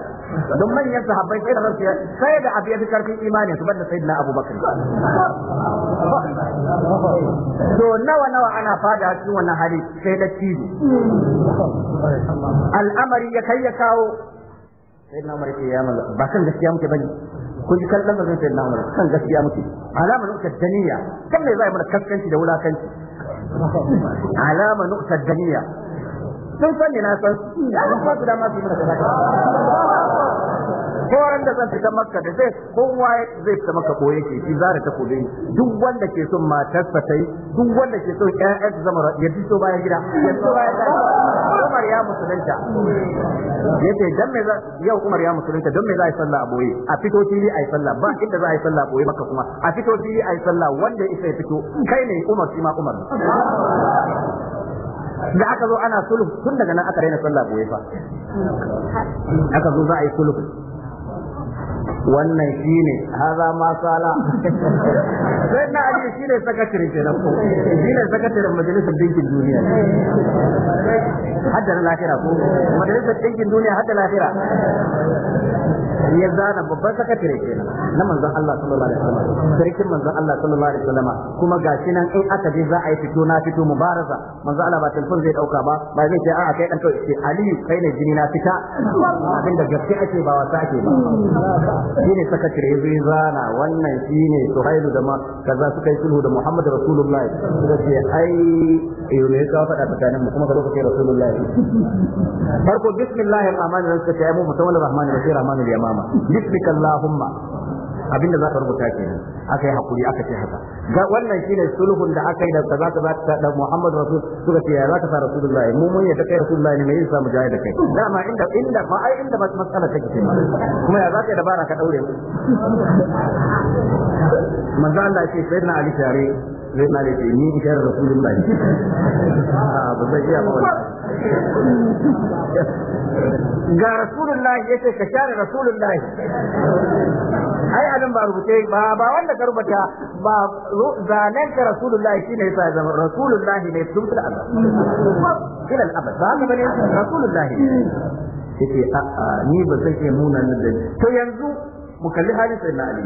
don manyan sahabbai sai da rasu sai da abu ya fi karfin imani su banda Abu bakar to nawa nawa ana fada cikin wannan hali sai da cibi al'amari ya kai ya kawo sai na umar ya mala ba kan gaskiya muke bane kun ji kan da zai sai da umar kan gaskiya muke alama nuka daniya kan ne zai mana kaskanci da wulakanci alama nuka daniya sun san ne na san su ya ba su dama su yi mana Ko da zan fita makka da zai kowa zai fita makka ko yake shi za ta kobe duk wanda ke son matarsa sa tai duk wanda ke son ƴaƴan su zama ya fito baya gida ya fito baya gida Umar ya musulunta yace dan me za yau Umar ya musulunta dan me za a yi sallah boye a fito fili a yi sallah ba inda za a yi sallah aboye maka kuma a fito fili a yi sallah wanda isa ya fito kai ne Umar shi ma Umar da aka zo ana sulhu tun daga nan aka daina sallah goye fa aka zo za a yi sulhu wannan shine haza ma sala sai na aji shine sakatare nan ko shine sakatare majalisar dinkin duniya hadda lafira ko majalisar dinkin duniya hadda lafira ya zana babban sakatare kenan na manzon Allah sallallahu alaihi wasallam sarkin manzon Allah sallallahu alaihi wasallam kuma gashi nan in aka je za a yi fito na fito mubaraza manzon Allah ba telefon zai dauka ba ba zai ce a kai dan kai ce Ali kai ne jini na fita abin da gaske ake ba wasa ake ba shine sakatare ya zai zana wannan shine Suhailu da ma kaza suka yi sulhu da Muhammad Rasulullahi suka ce ai eh, yau ne ka faɗa tsakanin mu kuma ka zo ka ce Rasulullahi farko bismillahir rahmanir rahim suka ce ai mu mutawalla rahmanir rahim rahmanir rahim umama bismika allahumma abinda za ka rubuta kenan aka yi hakuri aka ce haka ga wannan shine sulhun da aka yi da kaza kaza ta da Muhammad Rasul suka ce ya sa Rasulullah mu mun yadda kai Rasulullah ne da kai dama inda inda ma ai inda matsala take ce kuma ya dabara ka daure manzo Allah ya ce sayyidina Ali tare zai ma da ni isar rasulun ba ne ba zai iya ba ga rasulullahi ya ce ka share rasulullahi ai abin ba rubuce ba ba wanda ka rubuta ba zanen ka rasulullahi shine yasa ya zama rasulullahi ne tun fil abad ila al abad ba haka bane rasulullahi yace a a ni ba zan iya nuna nan da to yanzu mu kalli hali sai na ali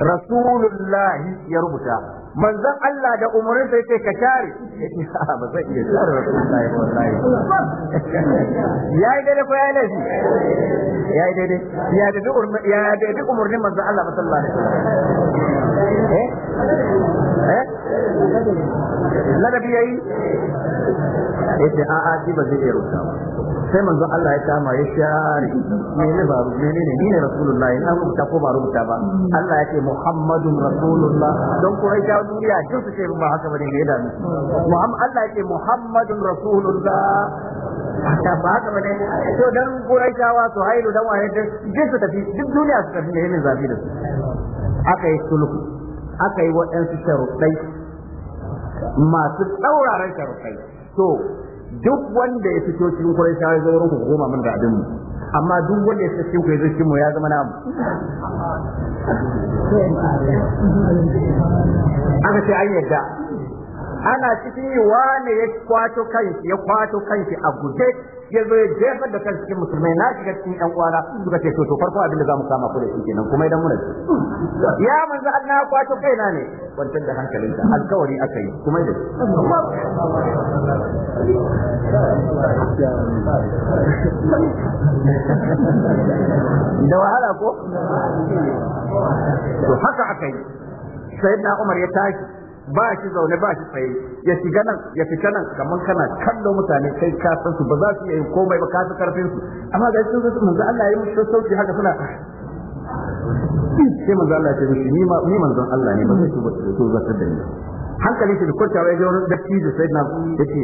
rasulullahi ya rubuta manzon Allah da umarin sai ce ka share ba iya share wallahi wallahi yayi daidai ko yayi laifi yayi daidai ya da ya da umarnin manzon Allah sallallahu alaihi wasallam eh eh ladabi yayi a'a ji ba zai iya rubuta ba sai manzon Allah ya kama ya share me ne ba menene ne ne ne rasulullahi an rubuta ko ba rubuta ba Allah ya ce Muhammadun rasulullah don ko ai duniya duk su ce ba haka bane ne da mu Muhammad Allah ya ce Muhammadun rasulullah ta ba haka bane to dan Quraishawa su hailu dan wahid duk su tafi duk duniya su tafi ne ne zafi da su aka yi sulhu aka yi waɗansu sharuɗai masu tsauraran sharuɗai to duk wanda ya fito cikin kurai sai ya wurin ku goma mun da abin mu amma duk wanda ya fito cikin kurai zai mu ya zama na mu aka ce an yadda ana cikin yi wane ya kwato kanshi ya kwato kanshi a guje ya zo ya jefar da kanshi cikin musulmai na shiga cikin yan uwana suka ce to farko abin da zamu kama ku da shi kenan kuma idan muna ya manzo Allah ya kwato kaina ne kwantar da hankalinka alkawari aka yi kuma da da wahala ko to haka aka yi sayyidina Umar ya tashi ba shi zaune ba shi tsaye ya shiga nan ya fita nan kamar kana kallo mutane kai ka san su ba za su iya yin komai ba ka fi karfin su amma ga sun zai manzo Allah ya yi musu sauki haka suna sai manzo Allah ya ce ni ma ni manzon Allah ne ba zai tuba to zata da ni hankali shi da kwanciya ya ga wani da sai na yake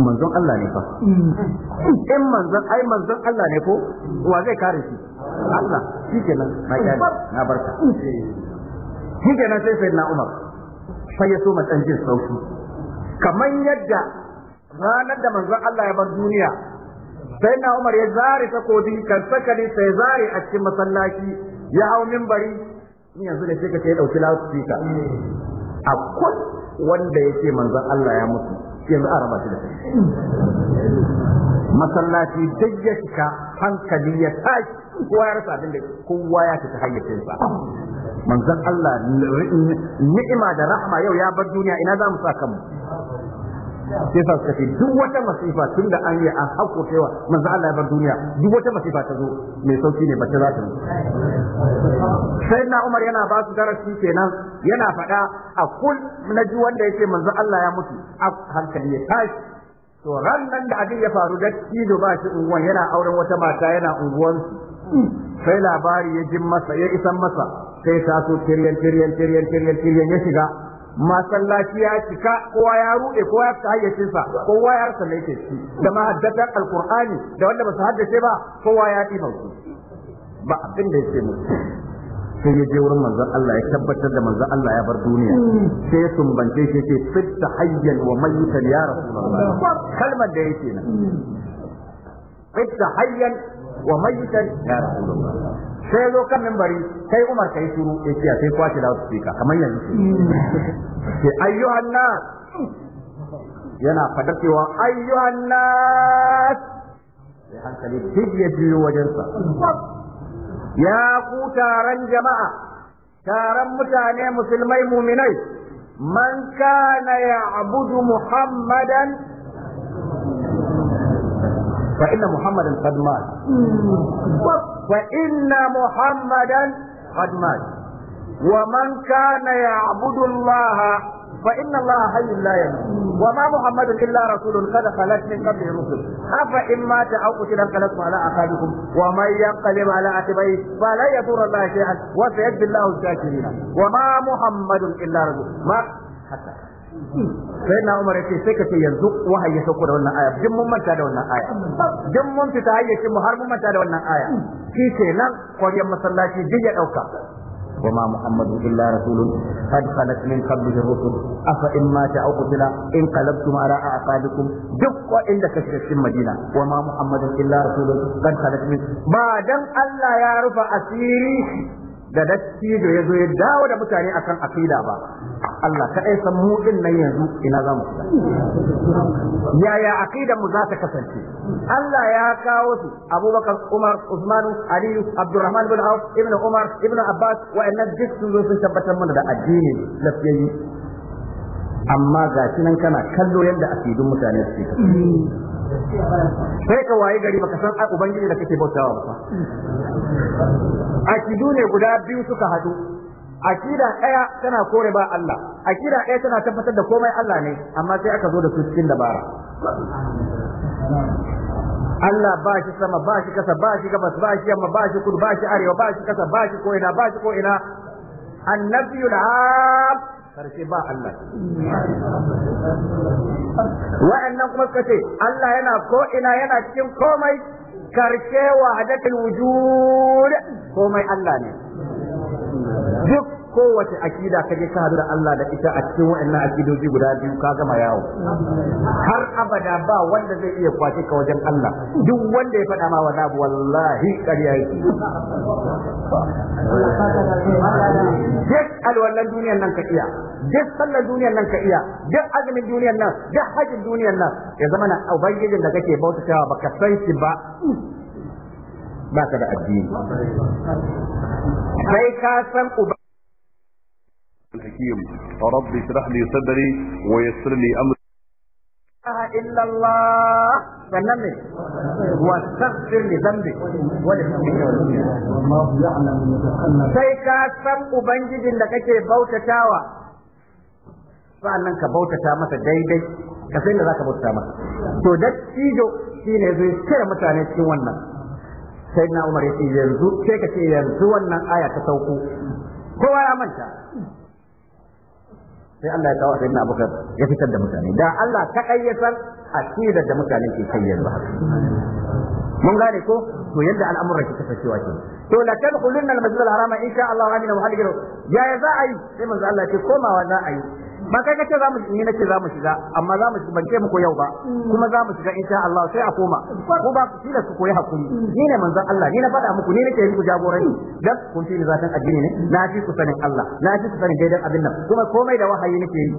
manzon Allah ne fa in eh, manzon ai manzon Allah ne ko wa zai kare shi Allah shi kenan na barka shi kenan sai sai na Umar sai ya so matsan jin sauki kamar yadda ranar da manzon Allah ya bar duniya sai na Umar ya zare takobi kan sakali sai zare a cikin masallaci ya hau minbari ni yanzu da kika kai dauki loudspeaker akwai wanda yake manzon Allah ya mutu yanzu a raba shi da kai masallaci dai ya cika hankali ya tashi kowa ya rasa abin da kowa ya fita hayyacinsa manzon Allah ni'ima da rahma yau ya bar duniya ina za mu sa kanmu sai sa suka ce duk wata masifa tun da an yi an hako cewa manzo Allah ya bar duniya duk wata masifa ta zo mai sauki ne bace za ta sai na Umar yana ba su darasi kenan yana faɗa a kul na ji wanda yake manzo Allah ya mutu a hankali ya tashi to ran nan da abin ya faru da ido ba shi unguwan yana auren wata mata yana unguwan sai labari ya ji masa ya isan masa sai taso tiryan tiryan tiryan tiryan tiryan ya shiga masallaci ya cika kowa ya rude kowa ya fita hayyacinsa kowa ya rasa mai ke ci da mahaddatan alqur'ani da wanda ba su haddace ba kowa ya fi hauki ba abin da yake musu sai ya je wurin manzon Allah ya tabbatar da manzon Allah ya bar duniya sai ya sumbance shi ce fitta hayyan wa mayyitan ya rasulullah kalmar da yake nan hmm. fitta hayyan wa mayyitan ya rasulullah sai zo kan mimbari kai Umar kai shiru ya ce sai kwace da su fika kamar yanzu sai ayyuhan nas yana fadar cewa ayyuhan sai hankali duk ya biyo wajensa ya ku taron jama'a taron mutane musulmai muminai man kana abudu muhammadan فإن محمدا قد مات فإن محمدا قد مات ومن كان يعبد الله فإن الله حي لا يموت وما محمد إلا رسول قد خلت من قبله الرسل أفإن مات أو قتل انقلبتم على أعقابكم ومن ينقلب على عقبيه فلا يضر الله شيئا وسيجزي الله الشاكرين وما محمد إلا رسول ما حتى sai na umar yace sai ka ce yanzu wahayi sauko da wannan aya duk mun manta da wannan aya duk mun fita hayyacin mu har mun manta da wannan aya shi ke nan kwaryan masallaci duk ya dauka وما محمد إلا رسول قد خلت من قبله الرسل أفإن مات ko قتل انقلبتم على أعقابكم دق إن كشف Muhammadu وما محمد إلا رسول قد خلت من Allah ya يعرف asiri. da dattijo ya zo ya dawo da mutane akan akida ba Allah ta aisa mu din nan yanzu ina za mu yaya akidar mu za ta kasance Allah ya kawo su Abubakar Umar Usman Ali Abdurrahman bin Auf Ibn Umar Ibn Abbas wa'annan duk sun zo sun tabbatar mana da addini lafiyayyi amma ga shi nan kana kallo yadda asidun mutane suke sai ka waye gari baka san a ubangiji da kake bautawa ba akidu ne guda biyu suka hadu akida ɗaya tana kore ba Allah akida ɗaya tana tabbatar da komai Allah ne amma sai aka zo da su cikin dabara Allah ba shi sama ba shi kasa ba shi gabas ba shi yamma ba shi kudu ba shi arewa ba shi kasa ba shi ko ina ba shi ko annabiyul karshe ba Allah wa'annan kuma suka ce Allah yana ko ina yana cikin komai karshe wahdatul wujud komai Allah ne duk kowace akida ka je ka hadu da Allah da ita a cikin wa'annan akidoji guda biyu ka gama yawo har abada ba wanda zai iya kwace ka wajen Allah duk wanda ya faɗa ma wannan wallahi ƙarya yake duk alwallan duniyar nan ka iya duk sallar duniyar nan ka iya duk azumin duniyar nan duk hajjin duniyar nan ya zama na ubangijin da kake bautatawa baka san shi ba baka da addini sai ka san الحكيم رب اشرح لي صدري ويسر لي امري إلا الله فنمي واستغفر لذنبي sai ka san ubangijin da kake bautatawa sa'annan ka bautata masa daidai ka sai da zaka bautata masa to da cijo shine zai kira mutane cikin wannan sai na umar yace yanzu sai ka ce yanzu wannan aya ta sauko kowa ya manta sai Allah ya kawo a sayyidina Abubakar ya fitar da mutane da Allah kaɗai ya san aqidar da mutane ke kai yanzu mun gane ko to yadda al'amuran ke kasancewa ke to la kullun al-masjid al-haram insha Allah wa amina muhajirun ya ya za a yi sai manzo Allah ya ce komawa za a yi ba kai kace za mu ni nake za mu shiga amma za mu ban ce muku yau ba kuma za mu shiga insha Allah sai a koma ko ba ku tilasta ku koyi hakuri ni ne manzon Allah ni na faɗa muku ni nake muku jagorai dan kun fi ni zatan addini ne na fi ku sanin Allah na fi ku sanin daidan abin nan kuma komai da wahayi nake yi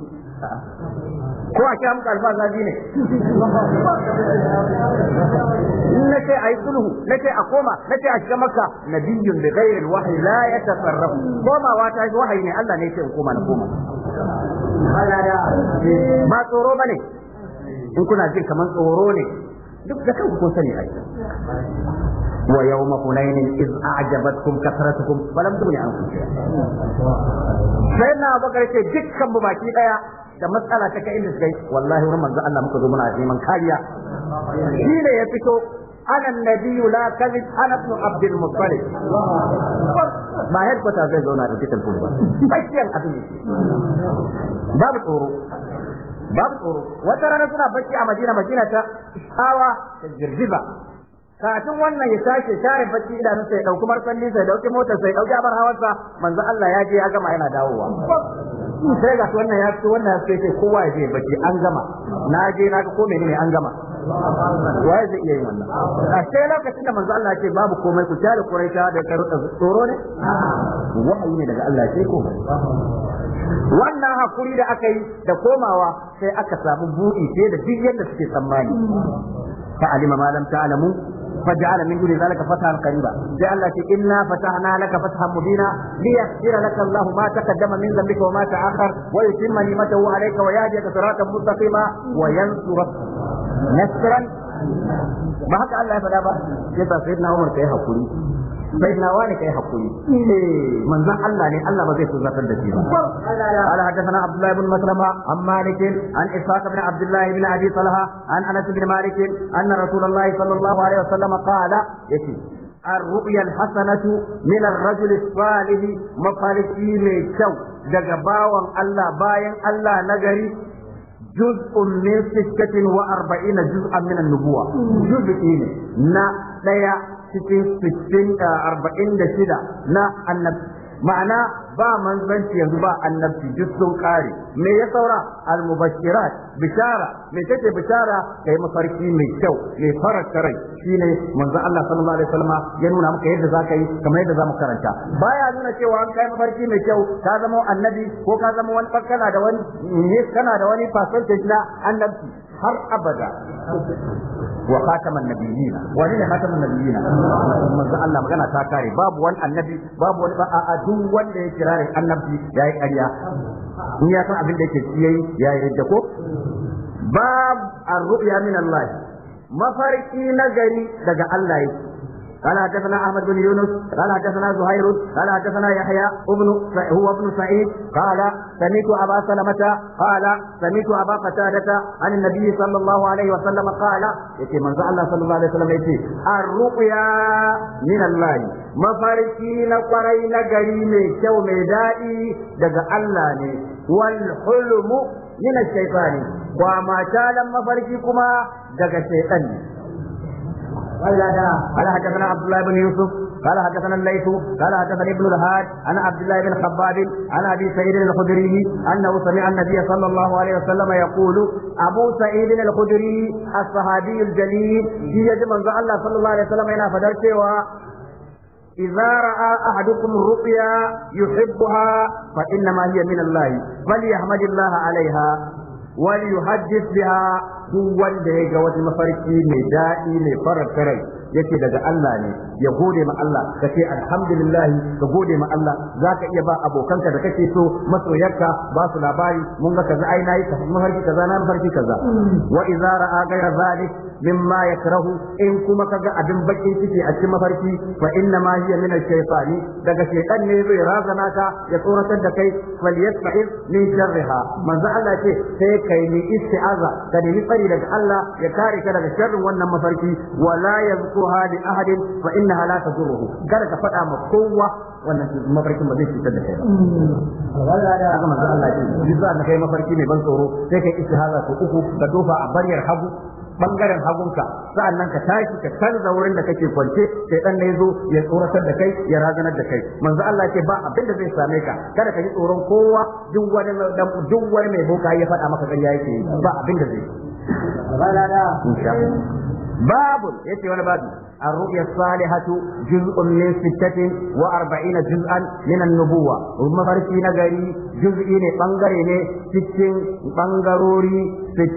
ko a kira muku alfazazi ne na ce a yi sulhu na ce a koma na ce a shiga makka nabiyyun bi ghairi alwahyi la yatasarrafu komawa wata wahayi ne Allah ne ya ce in koma na koma ba tsoro ba ne in kuna jin kamar tsoro ne duk da kanku kun sani ai wa yawma hunainin iz a'jabatkum kasratukum wa lam tughni ankum sai na bakar ce dukkan mu baki daya da matsala ta kai inda sai wallahi wurin manzo Allah muka zo muna neman kariya shi ne ya fito ana nabiyu la kadhib ana ibn abdul abin babu suna bacci a madina ta girgiza kafin wannan ya tashi share bacci idanu sai dauki martsalli sai dauki motar sai dauki abar hawarsa manzo Allah ya je ya gama yana dawowa sai ga wannan ya fito wannan ya fito sai kowa ya je bacci an gama na je na ga komai ne an gama waye zai iya yin wannan a sai lokacin da manzo Allah ya ce babu komai ku tare Quraisha da karuta tsoro ne wahayi ne daga Allah sai ko wannan hakuri da aka yi da komawa sai aka samu buɗi sai da duk yadda suke tsammani فعلم ما لم تعلموا فجعل من دون ذلك فتحا قريبا لأن إنا فتحنا لك فتحا مبينا ليغفر لك الله ما تقدم من ذنبك وما تأخر ويتم نعمته عليك ويهديك صراطا مستقيما وينصرك نصرا ba haka Allah ya faɗa ba sai sayyidina Umar kai hakuri sai na wani kai hakuri eh. manzon Allah ne Allah ba zai tuzartar da shi ba قال حدثنا عبد الله بن an عن مالك عن إسحاق بن عبد الله بن أبي طلحة عن أنس بن مالك sallallahu alaihi الله صلى الله الرؤيا الحسنة من الرجل الصالح مفارقي من شو daga bawan Allah bayan Allah nagari juz'un min sittatin wa arba'ina juz'an min an-nubuwa hmm. juz'i na ɗaya. cikin shida na annabi ma'ana ba manzanci yanzu ba annabci duk sun kare me ya saura almubashirat bishara me take bishara kai mafarki mai kyau mai faranta rai shine manzon Allah sallallahu alaihi wasallam ya nuna maka yadda zaka yi kamar yadda zamu karanta baya nuna cewa an kai mafarki mai kyau ka zama annabi ko ka zama wani fakkana da wani kana da wani percentage na annabci har abada wa khataman nabiyina wani ne khataman nabiyina manzo Allah magana ta kare babu wani annabi babu wani ba a duk wanda ya kira ne annabi yayi ƙarya in ya san abin da yake yayi yayi ridda ko bab ar-ru'ya min Allah mafarki nagari daga Allah yake قال حدثنا احمد بن يونس قال حدثنا زهير قال حدثنا يحيى ابن هو ابن سعيد قال سمعت ابا سلمه قال سمعت ابا قتاده عن النبي صلى الله عليه وسلم قال يتي من الله صلى الله عليه وسلم يتي الرقيا من الله mafarki na kwarai na gari mai kyau mai daɗi daga Allah ne wal hulmu min ash-shaytani wa ma mafarki kuma daga shaytan ne قال حدثنا عبد الله بن يوسف قال حدثنا الليث قال حدثني ابن الهاد عن عبد الله بن خباب عن ابي سعيد الخدري انه سمع النبي صلى الله عليه وسلم يقول ابو سعيد الخدري الصحابي الجليل يجب من الله صلى الله عليه وسلم هنا فدرت إذا رأى أحدكم الرؤيا يحبها فإنما هي من الله فليحمد الله عليها wani yuhaddis biha duk wanda ya ga wani mafarki mai daɗi mai faranta rai yake daga Allah ne ya gode ma Allah ka ce alhamdulillah ka gode ma Allah zaka iya ba abokanka da kake so masoyarka ba su labari mun ga kaza ai nayi mafarki kaza na mafarki kaza wa idza ra'a ghayra zalik mimma yakrahu in kuma kaga abin bakin ciki a cikin mafarki fa inna ma hiya min ash-shaytani daga shaytan ne zai razana ka ya tsoratar da kai falyasta'iz min sharriha manzo Allah ce sai kai ni isti'aza ka nemi tsari daga Allah ya kare ka daga sharrin wannan mafarki wala yazkuha li ahadin fa innaha la tadurruhu kada ka faɗa ma kowa wannan mafarkin ba zai cutar da kai ba manzo Allah ce duk na kai mafarki mai ban tsoro sai kai istihaza ko uku ka tofa a baryar hagu bangaren hagunka nan ka tashi ka canza wurin da kake kwance sai dan ne zo ya tsoratar da kai ya razanar da kai manzo Allah ce ba abin da zai same ka kada ka yi tsoron kowa duk wani duk wani mai boka ya faɗa maka ƙarya yake ba abin da zai babu yace wani babu ar-ru'ya salihatu juz'un min sittatin wa arba'ina juz'an min an-nubuwa mafarki na gari juz'i ne bangare ne cikin bangarori 46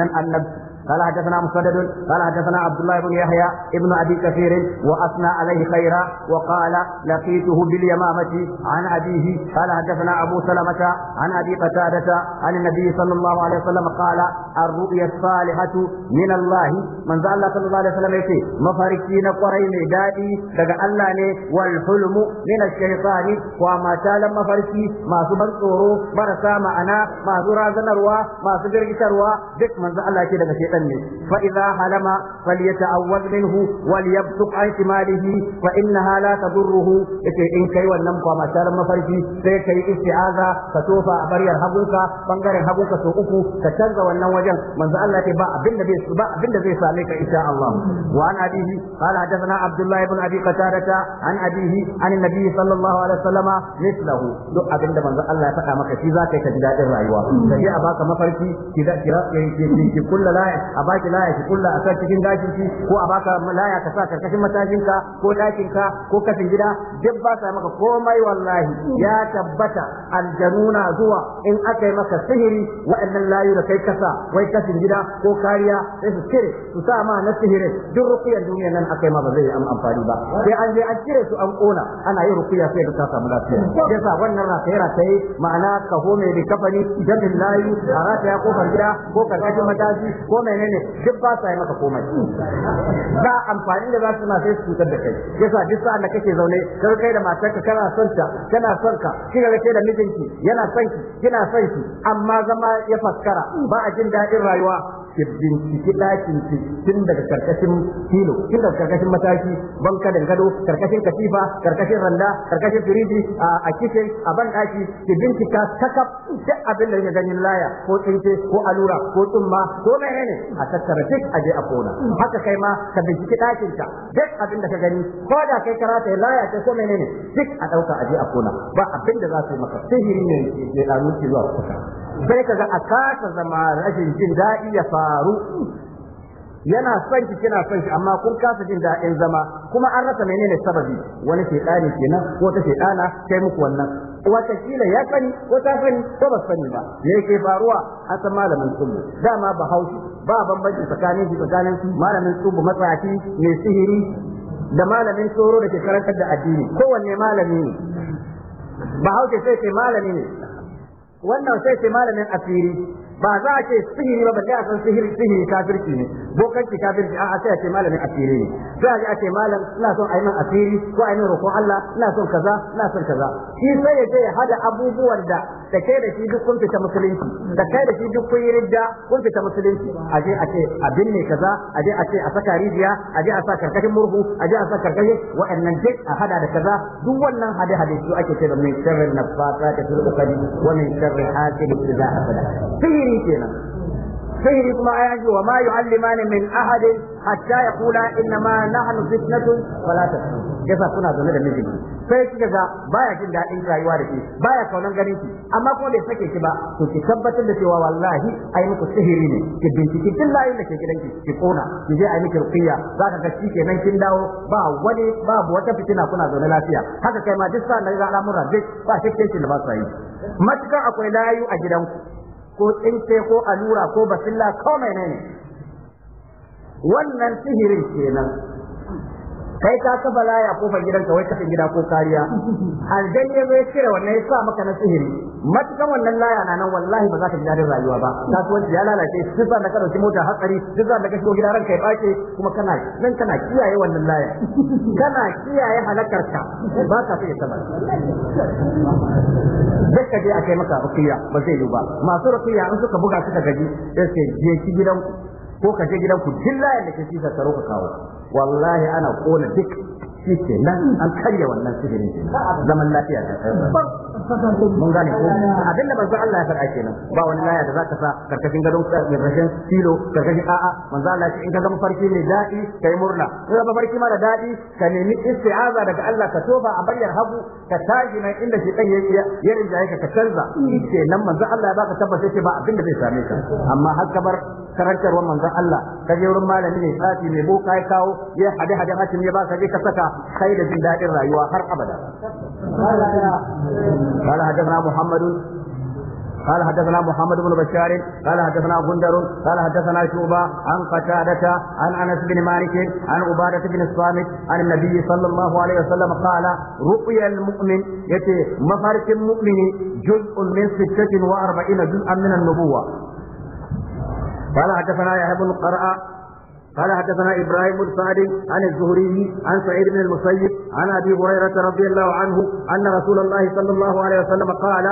nan annabi قال حدثنا مسدد قال حدثنا عبد الله بن يحيى ابن ابي كثير واثنى عليه خيرا وقال لقيته باليمامه عن ابيه قال حدثنا ابو سلمه عن ابي قتاده عن النبي صلى الله عليه وسلم قال الرؤيا الصالحه من الله من ذا الله صلى الله عليه وسلم يتي مفارقي نقري مي دادي daga Allah ne wal hulmu min ash-shaytan wa ma talam mafarki masu ban tsoro marasa ma'ana masu razanarwa masu girgitarwa duk manzo Allah yake daga shaytan ne fa idza halama falyata'awwaz minhu walyabsuq an shimalihi fa innaha la tadurruhu yace in kai wannan kwamatar mafarki sai kai isti'aza ka tofa a baryar hagunka bangaren hagunka so uku ka canza wannan wajen manzo Allah ya ba abin da bai ba abin da zai same ka insha Allah wa an abihi qala hadathana abdullah ibn abi qatada an abihi an annabi sallallahu alaihi wasallam mithlahu duk abin da manzo Allah ya faɗa maka shi za ka ji dadin rayuwa sai a baka mafarki ki da kira ki kulla la a baki laya ki kulla a kan cikin gashin ki ko a baka laya ka sa karkashin matashin ka ko dakin ka ko kafin gida duk ba sa maka komai wallahi ya tabbata aljanuna zuwa in aka yi maka sihiri wa'annan layu da kai kasa wai kafin gida ko kariya sai su cire su sa ma na sihiri duk rukiyar duniya nan aka yi ma ba zai yi amfani ba sai an je an cire su an kona ana yin rukiya sai ka samu lafiya sai sa wannan ta yi ma'ana kaho mai kafani jamin layu a rataya kofar gida ko karkashin matashi ko mai ne duk ba sa yi maka komai ba amfani da za su na sai su cutar da kai yasa duk sa'an da kake zaune kar kai da matarka kana son ta kana son ka kika da kai da mijinki yana son ki kina son ki amma zama ya faskara ba a jin daɗin rayuwa ki binciki ɗakin ki tun daga karkashin filo tun daga karkashin mataki banka da gado karkashin katifa karkashin randa karkashin firiji a kishin a ban ɗaki ki bincika kakaf duk abin da kika ganin laya ko tsinke ko alura ko tsumma ko menene a tattara duk aje a kona haka kai ma ka binciki ɗakin ka duk abin da ka gani ko da kai karata ya laya ce ko menene duk a ɗauka aje a kona ba abin da za su yi maka sihiri ne ke ɗanu ki zuwa kusa. sai ga a kasa zama rashin jin daɗi ya faru yana son ki kina son ki, amma kun kasa jin daɗin zama kuma an rasa menene sababi wani shedani kenan ko ta shedana kai muku wannan wata kila ya sani ko ta sani ko ba sani ba me ke faruwa a san malamin tsubu dama ba haushi ba bambanci tsakanin shi tsakanin malamin tsubu matsaki, mai sihiri da malamin tsoro da ke karantar da addini kowanne malami ne ba haushi sai ke malami ne wannan sai ce malamin asiri ba za a ce sihiri ba balle a san sihiri sihiri kafirci ne bokanci kafirci a sai a ce malamin asiri ne sai a ji a ce malam ina son a yi min asiri ko a yi min roƙon Allah ina son kaza ina son kaza shi sai ya je ya hada abubuwan da da kai da shi duk kun fita musulunci da kai da shi duk kun yi ridda kun fita musulunci a je a ce a binne kaza a je a ce a saka rijiya a je a sa karkashin murhu a je a sa karkashin wa'annan duk a hada da kaza duk wannan hade hade su ake ce da min sharrin nafasa ta fil uqadi wa min sharri hasidin idza hasada sihiri ne kenan sihiri kuma ayan ji wa ma yu'allimani min ahadin hatta yaqula innama nahnu fitnatun fala tasma'u yasa kuna zaune da miji sai kika ga baya jin daɗin rayuwa da ke baya kaunan ganin ki amma kuma bai sake ki ba to ki tabbatar da cewa wallahi ai muku sihiri ne ki binciki kin layin da ke gidanki ki kona ki je ai miki ruqiyya za ka ga shi kenan kin dawo ba wani babu wata fitina kuna zaune lafiya haka kai ma duk sa da ga al'amura ba shi da ba sai yi akwai layu a gidanku ko tsinke ko alura ko basilla ko menene wannan sihirin kenan kai ka kafa laya kofar gidanka wai kafin gida ko kariya aljan ya zo ya wannan ya sa maka na sihiri matukan wannan laya na nan wallahi ba za ka ji dadin rayuwa ba kasuwanci ya lalace duk da ka dauki mota hatsari duk da ka shigo gida ranka ya bace kuma kana nan kana kiyaye wannan laya kana kiyaye halakarka ba ka fiye ta ba duk ka a kai maka rukiya ba zai yi ba masu rukiya in suka buga suka gaji sai je ki gidanku ko ka je gidan ku dilla yadda ke sisa ka ka kawo wallahi ana kona duk shi ke nan an karya wannan sihirin ke zaman lafiya ta mun gane ko abin da manzo Allah ya faɗa kenan ba wani laya da zaka sa karkashin gadon karkashin filo karkashin a'a manzo Allah ya in ka zama farki mai daɗi kai murna in ga mafarki mara daɗi ka nemi isti'aza daga Allah ka tofa a bayyar hagu ka tashi nan inda shi dan yake ya rinjaye ka ka canza shi nan manzo Allah ya baka tabbata ce ba abin da zai same ka amma har ka karantarwar manzon Allah ka je wurin malami ne tsafi mai boka ya kawo ya hade hade hakim ya ba ka je ka saka kai da jin daɗin rayuwa har abada قال حدثنا محمد قال حدثنا محمد بن بشار قال حدثنا غندر قال حدثنا شوبة عن قتادة عن أنس بن مالك عن عبادة بن الصامت عن النبي صلى الله عليه وسلم قال رؤيا المؤمن يتي مفارق المؤمن جزء من ستة وأربعين جزءا من النبوة قال حدثنا يحيى بن قرأ قال حدثنا ابراهيم بن سعد عن الزهري عن سعيد بن المسيب عن ابي هريره رضي الله عنه ان رسول الله صلى الله عليه وسلم قال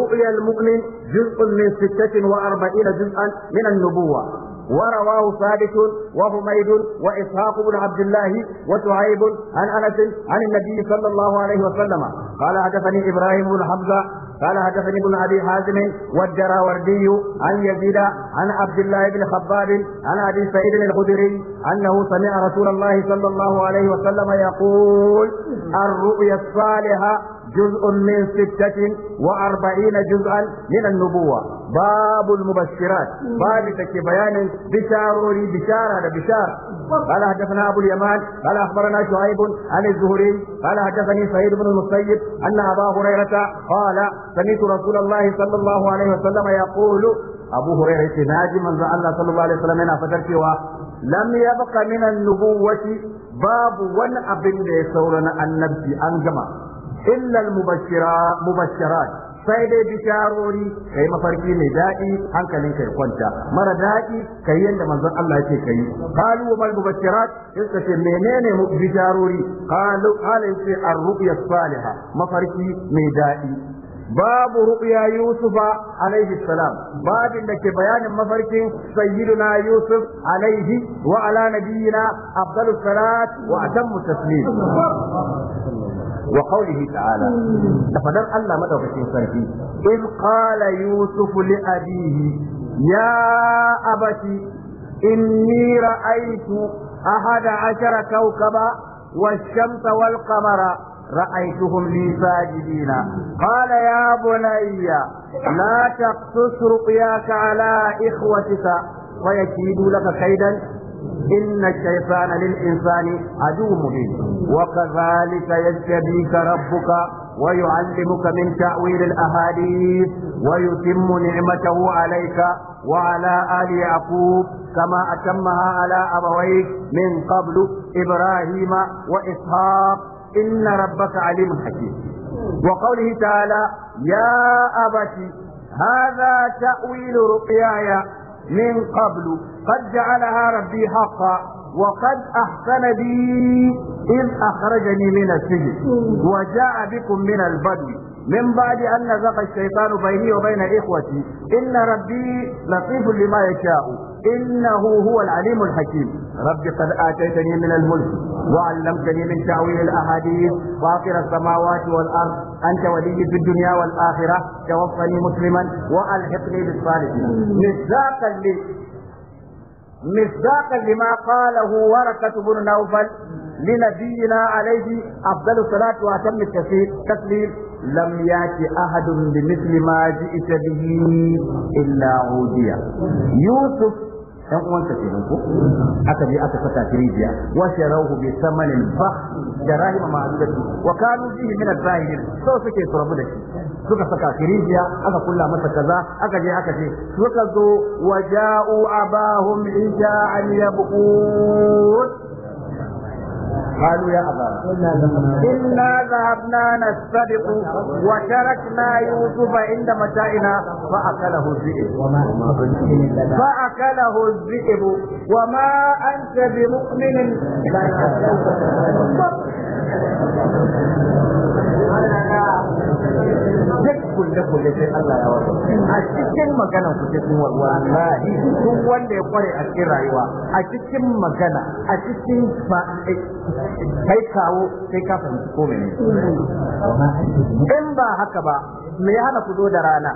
رؤيا المؤمن جزء من ستة وأربعين جزءا من النبوة ورواه ثابت وحميد وإسحاق بن عبد الله وتعيب عن أنس عن النبي صلى الله عليه وسلم قال حدثني إبراهيم بن حمزة قال حدثني ابن ابي حازم والدراوردي عن يزيد عن عبد الله بن خباب عن ابي سعيد الخدري انه سمع رسول الله صلى الله عليه وسلم يقول الرؤيا الصالحه جزء من ستة وأربعين جزءا من النبوة باب المبشرات باب تكي بيان بشار بشارة بشار قال حدثنا أبو اليمان قال أخبرنا شعيب عن الزهري قال حدثني سعيد بن المسيب أن أبا هريرة قال سمعت رسول الله صلى الله عليه وسلم يقول أبو هريرة ناجي من الله صلى الله عليه وسلم أنا فتركي لم يبق من النبوة باب ون أبن سورنا النبي أنجما illal mubashirat sai dai bisharori kai mafarki mai daɗi hankalin kai kwanta mara daɗi kai yanda manzon Allah yake kai qalu wa mal mubashirat yake ce menene bisharori qalu qala yake ar-ru'ya salihah mafarki mai daɗi babu ru'ya yusufa alaihi salam babin da ke bayanin mafarkin sayyiduna yusuf alaihi wa ala nabiyina afdalus salat wa atammu taslim وقوله تعالى تفضل الله مدعوك في إذ قال يوسف لأبيه يا أبتي إني رأيت أحد عشر كوكبا والشمس والقمر رأيتهم لي ساجدين قال يا بني لا تقصص رقياك على إخوتك ويكيد لك كيدا إن الشيطان للإنسان عدو مبين وكذلك يجتبيك ربك ويعلمك من تأويل الأهاليث ويتم نعمته عليك وعلى آل يعقوب كما أتمها على أبويك من قبل إبراهيم وإسحاق إن ربك عليم حكيم وقوله تعالى يا أبت هذا تأويل رؤياي من قبل قد جعلها ربي حقا وقد أحسن بي إذ أخرجني من السجن وجاء بكم من البدو من بعد أن نزق الشيطان بيني وبين إخوتي إن ربي لطيف لما يشاء إنه هو العليم الحكيم رب قد آتيتني من الملك وعلمتني من تأويل الأحاديث فاطر السماوات والأرض أنت ولي في الدنيا والآخرة توفني مسلما وألحقني بالصالحين مصداقا لي مصداقا لما قاله ورقة بن نوفل لنبينا عليه أفضل الصلاة وأتم التسليم لم يأت أحد بمثل ما جئت به إلا عوديا يوسف yan uwansa ke ko aka je aka saka rijiya wa sharahu bi thamanin ba da rahima ma'adudatu wa kanu fihi min az-zahirin so suke turabu da shi suka saka rijiya aka kulla masa kaza aka je aka ce suka zo waja'u abahum ija'an yabqun قالوا يا أبانا إنا ذهبنا نستبق وتركنا يوسف عند متاعنا فأكله الذئب فأكله الذئب وما أنت بمؤمن duk kulle Allah ya wato a cikin magana ku cikin wallahi duk wanda ya kware a cikin rayuwa a cikin magana a cikin eh, kai kawo sai ka fahimci ko mene in ba haka ba me ya hana ku zo da rana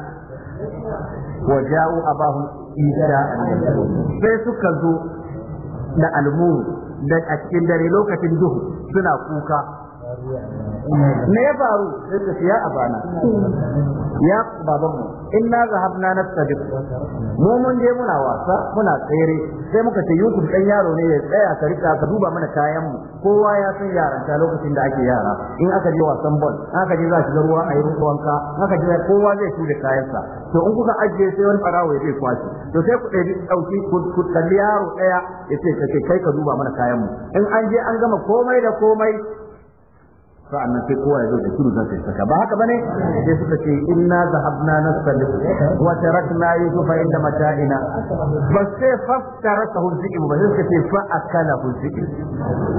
wajawu abahum isa sai suka zo da almuru da a cikin dare lokacin duhu suna kuka me ya faru sai ta siya a bana ya babanmu in na zahabna na sadiq mu mun je muna wasa muna tsere sai muka ce Yusuf dan yaro ne ya tsaya ka rika ka duba mana kayan mu kowa ya san yaranta lokacin da ake yara in aka je wasan ball aka je za shi ruwa a yi wanka aka je kowa zai kayan kayansa to in kuka ajiye sai wani farawo ya zai kwashi to sai ku ɗauki ɗauki ku kalli yaro ɗaya ya ce kai ka duba mana kayan mu in an je an gama komai da komai sa'an nan sai kowa ya zo da shiru za su saka ba haka bane sai suka ce inna zahabna nasallu wa tarakna yusufa inda mata'ina ba sai fastaraka huziki ba sai suka ce fa akala huziki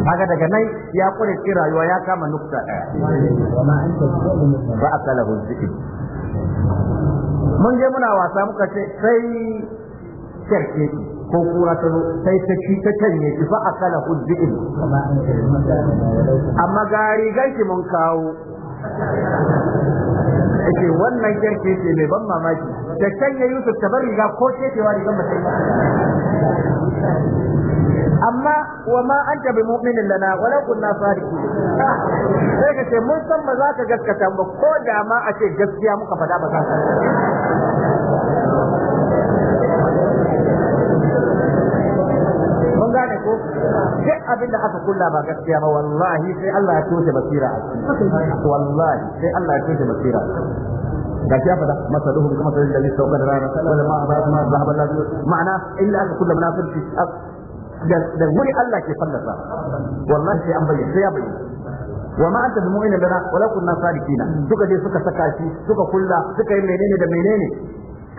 haka daga nan ya kure ci rayuwa ya kama nukta daya fa akala huziki mun je muna wasa muka ce sai kyarkeci ko kura ta zo sai ta ci ta canye ki fa akala hudbi'in amma gari ganki ki mun kawo ake wannan kyarke ce mai ban mamaki da canye Yusuf ta bar riga ko ce cewa rigar ba ta amma wa ma anta bi mu'minin lana walau kunna sadiqin sai ka ce mun san ba za ka gaskata ba ko da ma a ce gaskiya muka fada ba za ka duk abin da aka kulla ba gaskiya ba wallahi sai Allah ya toshe basira wallahi sai Allah ya toshe basira ga shi fada masa duhun kuma sai da lissa da rana wala ma ba ma zahaba la ma'ana illa aka kulla munafiki da wuri Allah ke fallasa wallahi sai an bayyana sai ya bayyana wa ma anta bimu'minin lana wala kunna sadiqina duka dai suka saka shi suka kulla suka yi menene da menene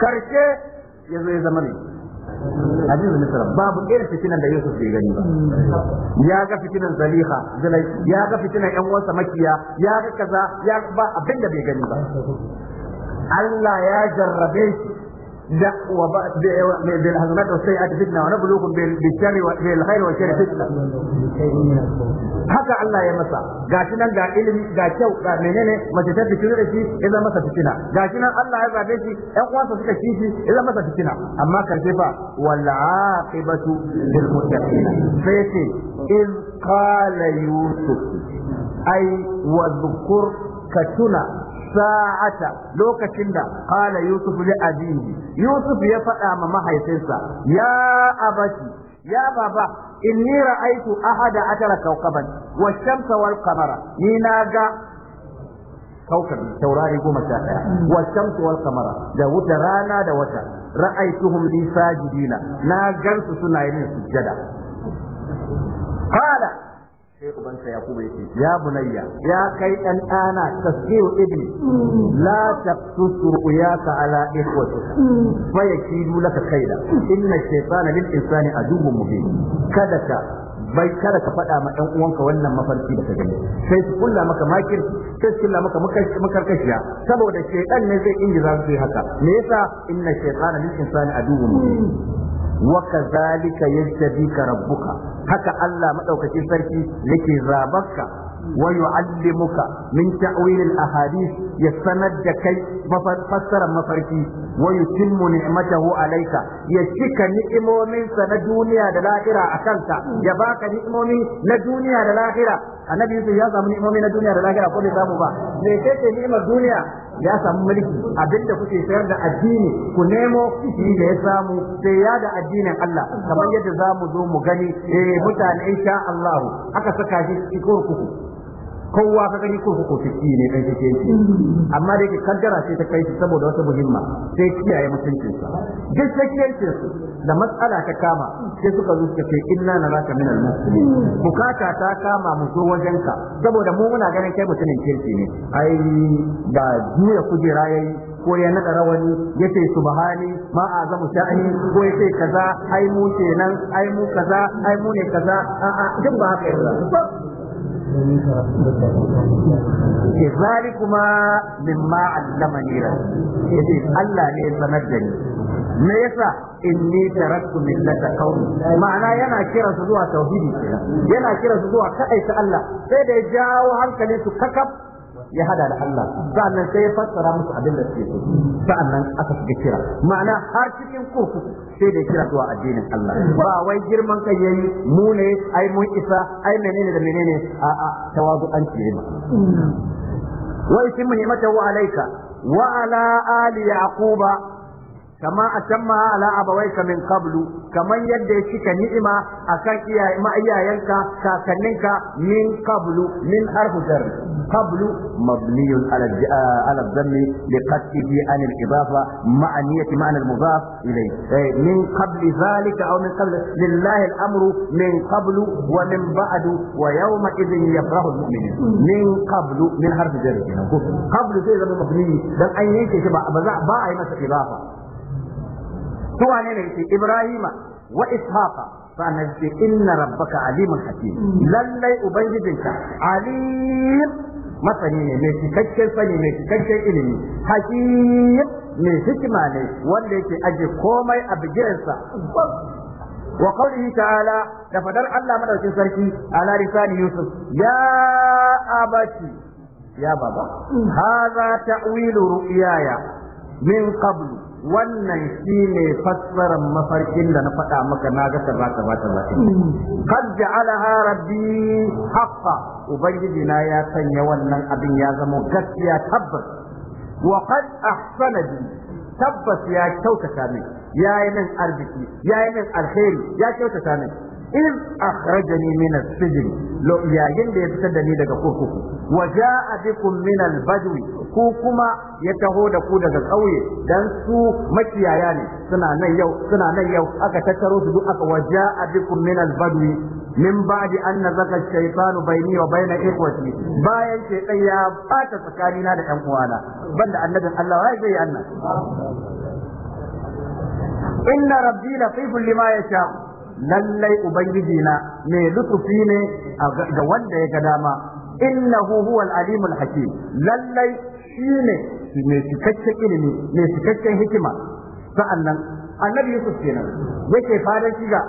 karshe yazo ya zama ne babu irin fitinan da Yusuf bai gani ba ya ga fitinan Zaliha ya ga fitinan ƴan uwansa makiya ya ga kaza ya ba abin da bai gani ba Allah ya jarrabe shi da wa bil hasanat was sayiat fitna wa nabluukum bil wa bil haka Allah ya masa gashi nan ga ilimi ga kyau ga menene mace ta fitina da shi idan masa fitina gashi nan Allah ya zabe shi ƴan uwansa suka ci shi masa fitina amma karshe fa wal in qala yusuf ai wa ka tuna sa'ata lokacin da kala yusuf li abihi yusuf ya faɗa ma mahaifinsa ya abati ya baba inni ra'aytu ahada atara kawkaban wa shamsa wal-qamara ni naga kawkab taurari goma sha ɗaya Wa shamsu wal-qamara da wuta rana da wata ra'aytuhum li sajidina na gansu suna yin sujjada qala sai ubansa ya kuma yake ya bunayya ya kai dan dana tasbihu ibni la taqsus ru'yaka ala ikhwatika fa yakidu laka kaida inna shaytana lil insani aduwwun mubin kada ka bai kada ka faɗa ma ɗan uwanka wannan mafarki da ka gani sai su kulla maka makir sai su kulla maka makarkashiya saboda shaytan ne zai ingiza su haka me yasa inna shaytana lil insani aduwwun mubin Waka zali wa kazalika yajtabika rabbuka haka Allah madaukakin sarki yake zabarka ويعلمك من تأويل الأحاديث يستند كي فسر مفركي ويتم نعمته عليك يشك نعمو من سندونيا دلاخرة أكلك يباك نعمو من ندونيا دلاخرة annabi Yusuf ya samu ni'imomi na duniya da lahira ko bai samu ba me ce ni'imar duniya ya samu mulki abinda kuke sayar da addini ku nemo shi da ya samu sai ya da addinin Allah kamar yadda zamu zo mu gani mutane sha allahu aka saka shi cikin kurkuku kowa ka gani ko ko fiki ne dan kike amma dai ka kaddara sai ta kai shi saboda wata muhimma sai kiyaye mutuncin sa duk ce su da matsala ta kama sai suka zo suka ce inna naraka min al muslimin bukata ta kama mu zo wajen ka saboda mu muna ganin kai mutumin kirki ne ai ba juya kujera yayi ko ya nada rawani ya ce subhani ma azamu sha'ani ko ya ce kaza ai mu kenan ai mu kaza ai mu ne kaza a'a duk ba haka yanzu ke kuma mimma allamani rabbi yace Allah ne sanar da ni me yasa inni taraktu millata qaumi ma'ana yana kira su zuwa tauhidi yana kira su zuwa kaɗai ta Allah sai da ya jawo hankalin su kakaf ya hada da Allah sa'annan sai ya fassara musu abin da suke so sa'annan aka shiga kira ma'ana har cikin kurkuku, sai da kira zuwa addinin Allah ba wai girman kai yayi mu ne ai mun isa ai menene da menene a a tawazu an ce ma wa mata wa alayka wa ala ali yaquba kama atamma ala ka min qablu kaman yadda ya cika ni'ima a kan iyayenka kakanninka min qablu min harfu qablu mabniyun ala ala dhammi li qat'ihi an al idafa ma'aniyati ma'na al mudaf ilayhi eh, min qabli zalika aw min qabli lillahi al amru min qablu wa min ba'du wa yawma idhin yafrahu al mu'minun min qablu min harfu jar zai zama an yanke shi ba ba a yi masa idafa سوى نيني إبراهيم وإسحاق فأنا إن ربك عليم حكيم للي أبيدك عليم masani ne mai cikakken sani mai cikakken ilimi hakim mai hikima ne wanda yake aje komai a bigiransa wa qawlihi ta'ala da fadar Allah madaukin sarki ala lisan yusuf ya abati ya baba hadha ta'wilu ru'yaya min qablu wannan shine fassarar mafarkin da na faɗa maka na ga ta kaza kaza qad ja'alaha rabbi haqqan ubangiji na ya sanya wannan abin ya zama gaskiya tabbas wa qad ahsana bi tabbas ya kyautata min ya yi min arziki ya yi min alheri ya kyautata min In ya fitar da ni daga kurkuku wa jaa bikum min minal badwi ku kuma ya taho da ku daga kauye dan su makiyaya ne suna nan yau suna nan yau aka tattaro su duk aka jaa bikum min al-badwi min ba'di an nazaka shaytanu bayni wa bayna ikhwati bayan shaytan ya bata tsakanina da yan uwana banda annabin Allah wai zai annan inna rabbi latifun lima yasha lallai ubangiji na mai lutufi ne ga wanda ya ga dama innahu huwal alimul hakim lallai shine mai cikakken ilimi mai cikakken hikima sa'annan annabi Yusuf kenan yake fadan shiga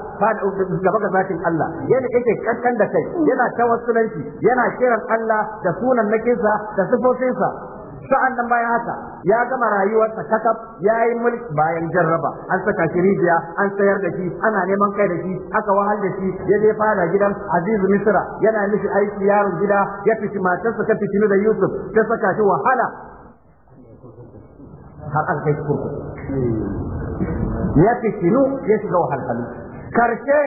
gaba ga zakin Allah yana yake kankan da kai yana tawassulanci yana kiran Allah da sunan nakinsa da sifofinsa sa'an nan bayan haka ya gama rayuwarsa kakaf ya yi mulki bayan jarraba an saka shi rijiya an sayar da shi ana neman kai da shi aka wahal da shi ya je fara gidan aziz misra yana mishi aiki yaron gida ya fiti matarsa ta fitinu da yusuf ta saka shi wahala har an kai kurkuku ya fitinu ya shiga wahalhalu karshe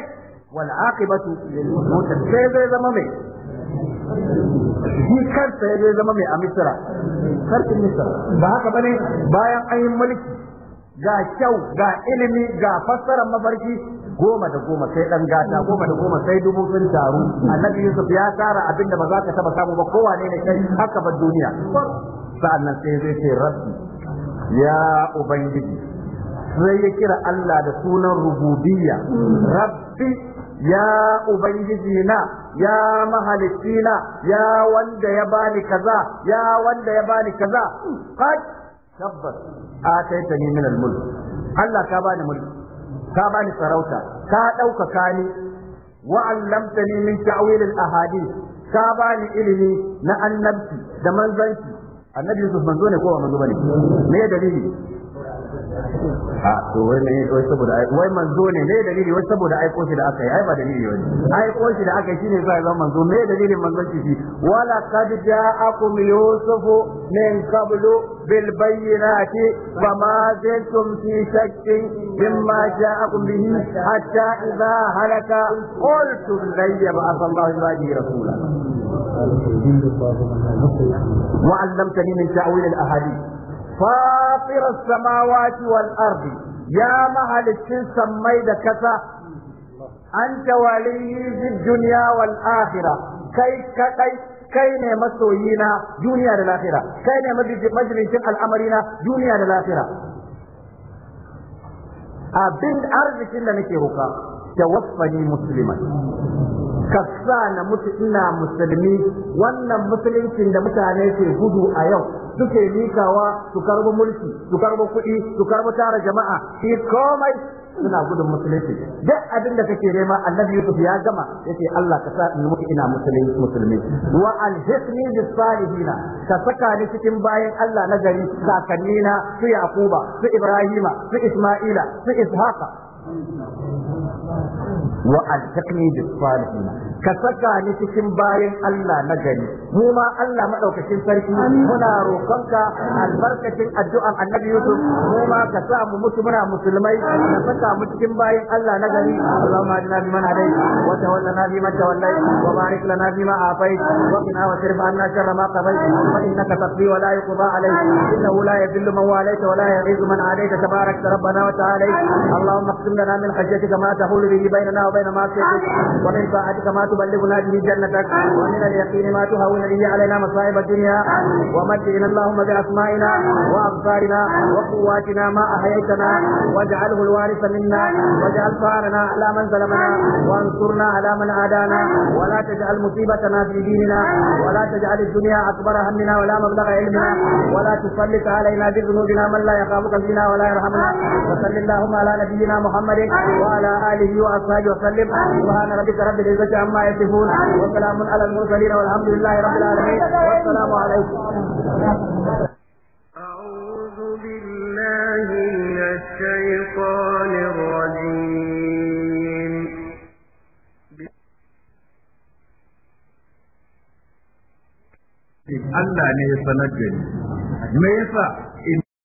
wal aqibatu lil akibatu zai zama mai shi kansa ya zama mai a misira sarkin misira ba haka bane bayan an mulki ga kyau ga ilimi ga fassarar mafarki goma da goma sai dan gata goma da goma sai dubu sun taru annabi yusuf ya tara abinda ba za ka taba samu ba kowane ne kai haka ba duniya nan sai zai ce rabbi ya ubangiji sai ya kira Allah da sunan rububiyya rabbi ya ubangiji na ya mahalicci na ya wanda ya bani kaza ya wanda ya bani kaza qad tabbas ataitani min al-mulk Allah ka bani mulki ka bani sarauta ka ɗaukaka ni wa allamtani min ta'wil al-ahadith bani ilimi na annabci da manzanci annabi Yusuf manzo ne ko ba manzo bane me dalili a to wai ne wai saboda ai wai manzo ne ne dalili wai saboda aiko shi da aka yi ai ba dalili wani aiko shi da aka yi shine sai zama manzo ne dalili manzo shi shi wala qad ja'akum yusufu min qablu bil bayyinati wa ma zantum fi shakkin mimma ja'akum bihi hatta idha halaka qultum lan yab'ath Allahu ibadihi rasula min ta'wil al ahadith فاطر السماوات والأرض يا مهل السن ميد كسا أنت ولي في الدنيا والآخرة كي كي kai ne masoyina duniya da lafira kai ne majalisin al'amarina duniya da lafira abin arzikin da nake da wasfani musliman ka sa na mutu ina musulmi wannan musuluncin da mutane ke gudu a yau suke mikawa su karbi mulki su karbo kuɗi su karbo tara jama'a shi komai suna gudun musulunci duk abin da kake nema annabi Yusuf ya gama yace Allah ka sa in mutu ina musulmi musulmi wa alhisni bis salihina ka saka ni cikin bayan Allah na gari kakanni su Yakuba su Ibrahima su Isma'ila su Ishaqa wa alhiqni bis mu. ka saka ni cikin bayan Allah na gani mu ma Allah madaukakin sarki muna roƙonka albarkacin addu'an Annabi Yusuf mu ma ka sa mu mutu muna musulmai ka saka mu cikin bayan Allah na gani Allahumma bi man wa tawallana bi man wa barik lana bi ma afai wa qina wa sirf anna sharra ma qadai fa innaka taqdi wa la yuqda alayk innahu la yadhillu man walayta wa la yu'izzu man adayta rabbana wa Allahumma lana min ma bihi bainana wa bain ma'siyatik wa min ma تبلغنا به جنتك ومن اليقين ما تهون به علينا مصائب الدنيا ومتعنا اللهم بأسمائنا وأبصارنا وقواتنا ما أحييتنا واجعله الوارث منا واجعل فارنا على من ظلمنا وانصرنا على من عادانا ولا تجعل مصيبتنا في ديننا ولا تجعل الدنيا أكبر همنا ولا مبلغ علمنا ولا تسلط علينا بذنوبنا من لا يخافك فينا ولا يرحمنا وصل اللهم على نبينا محمد وعلى آله وأصحابه وسلم سبحان ربك رب العزة عما يصفون وسلام على المرسلين والحمد لله رب العالمين والسلام عليكم أعوذ بالله من الشيطان الرجيم Allah ليس ya ميسا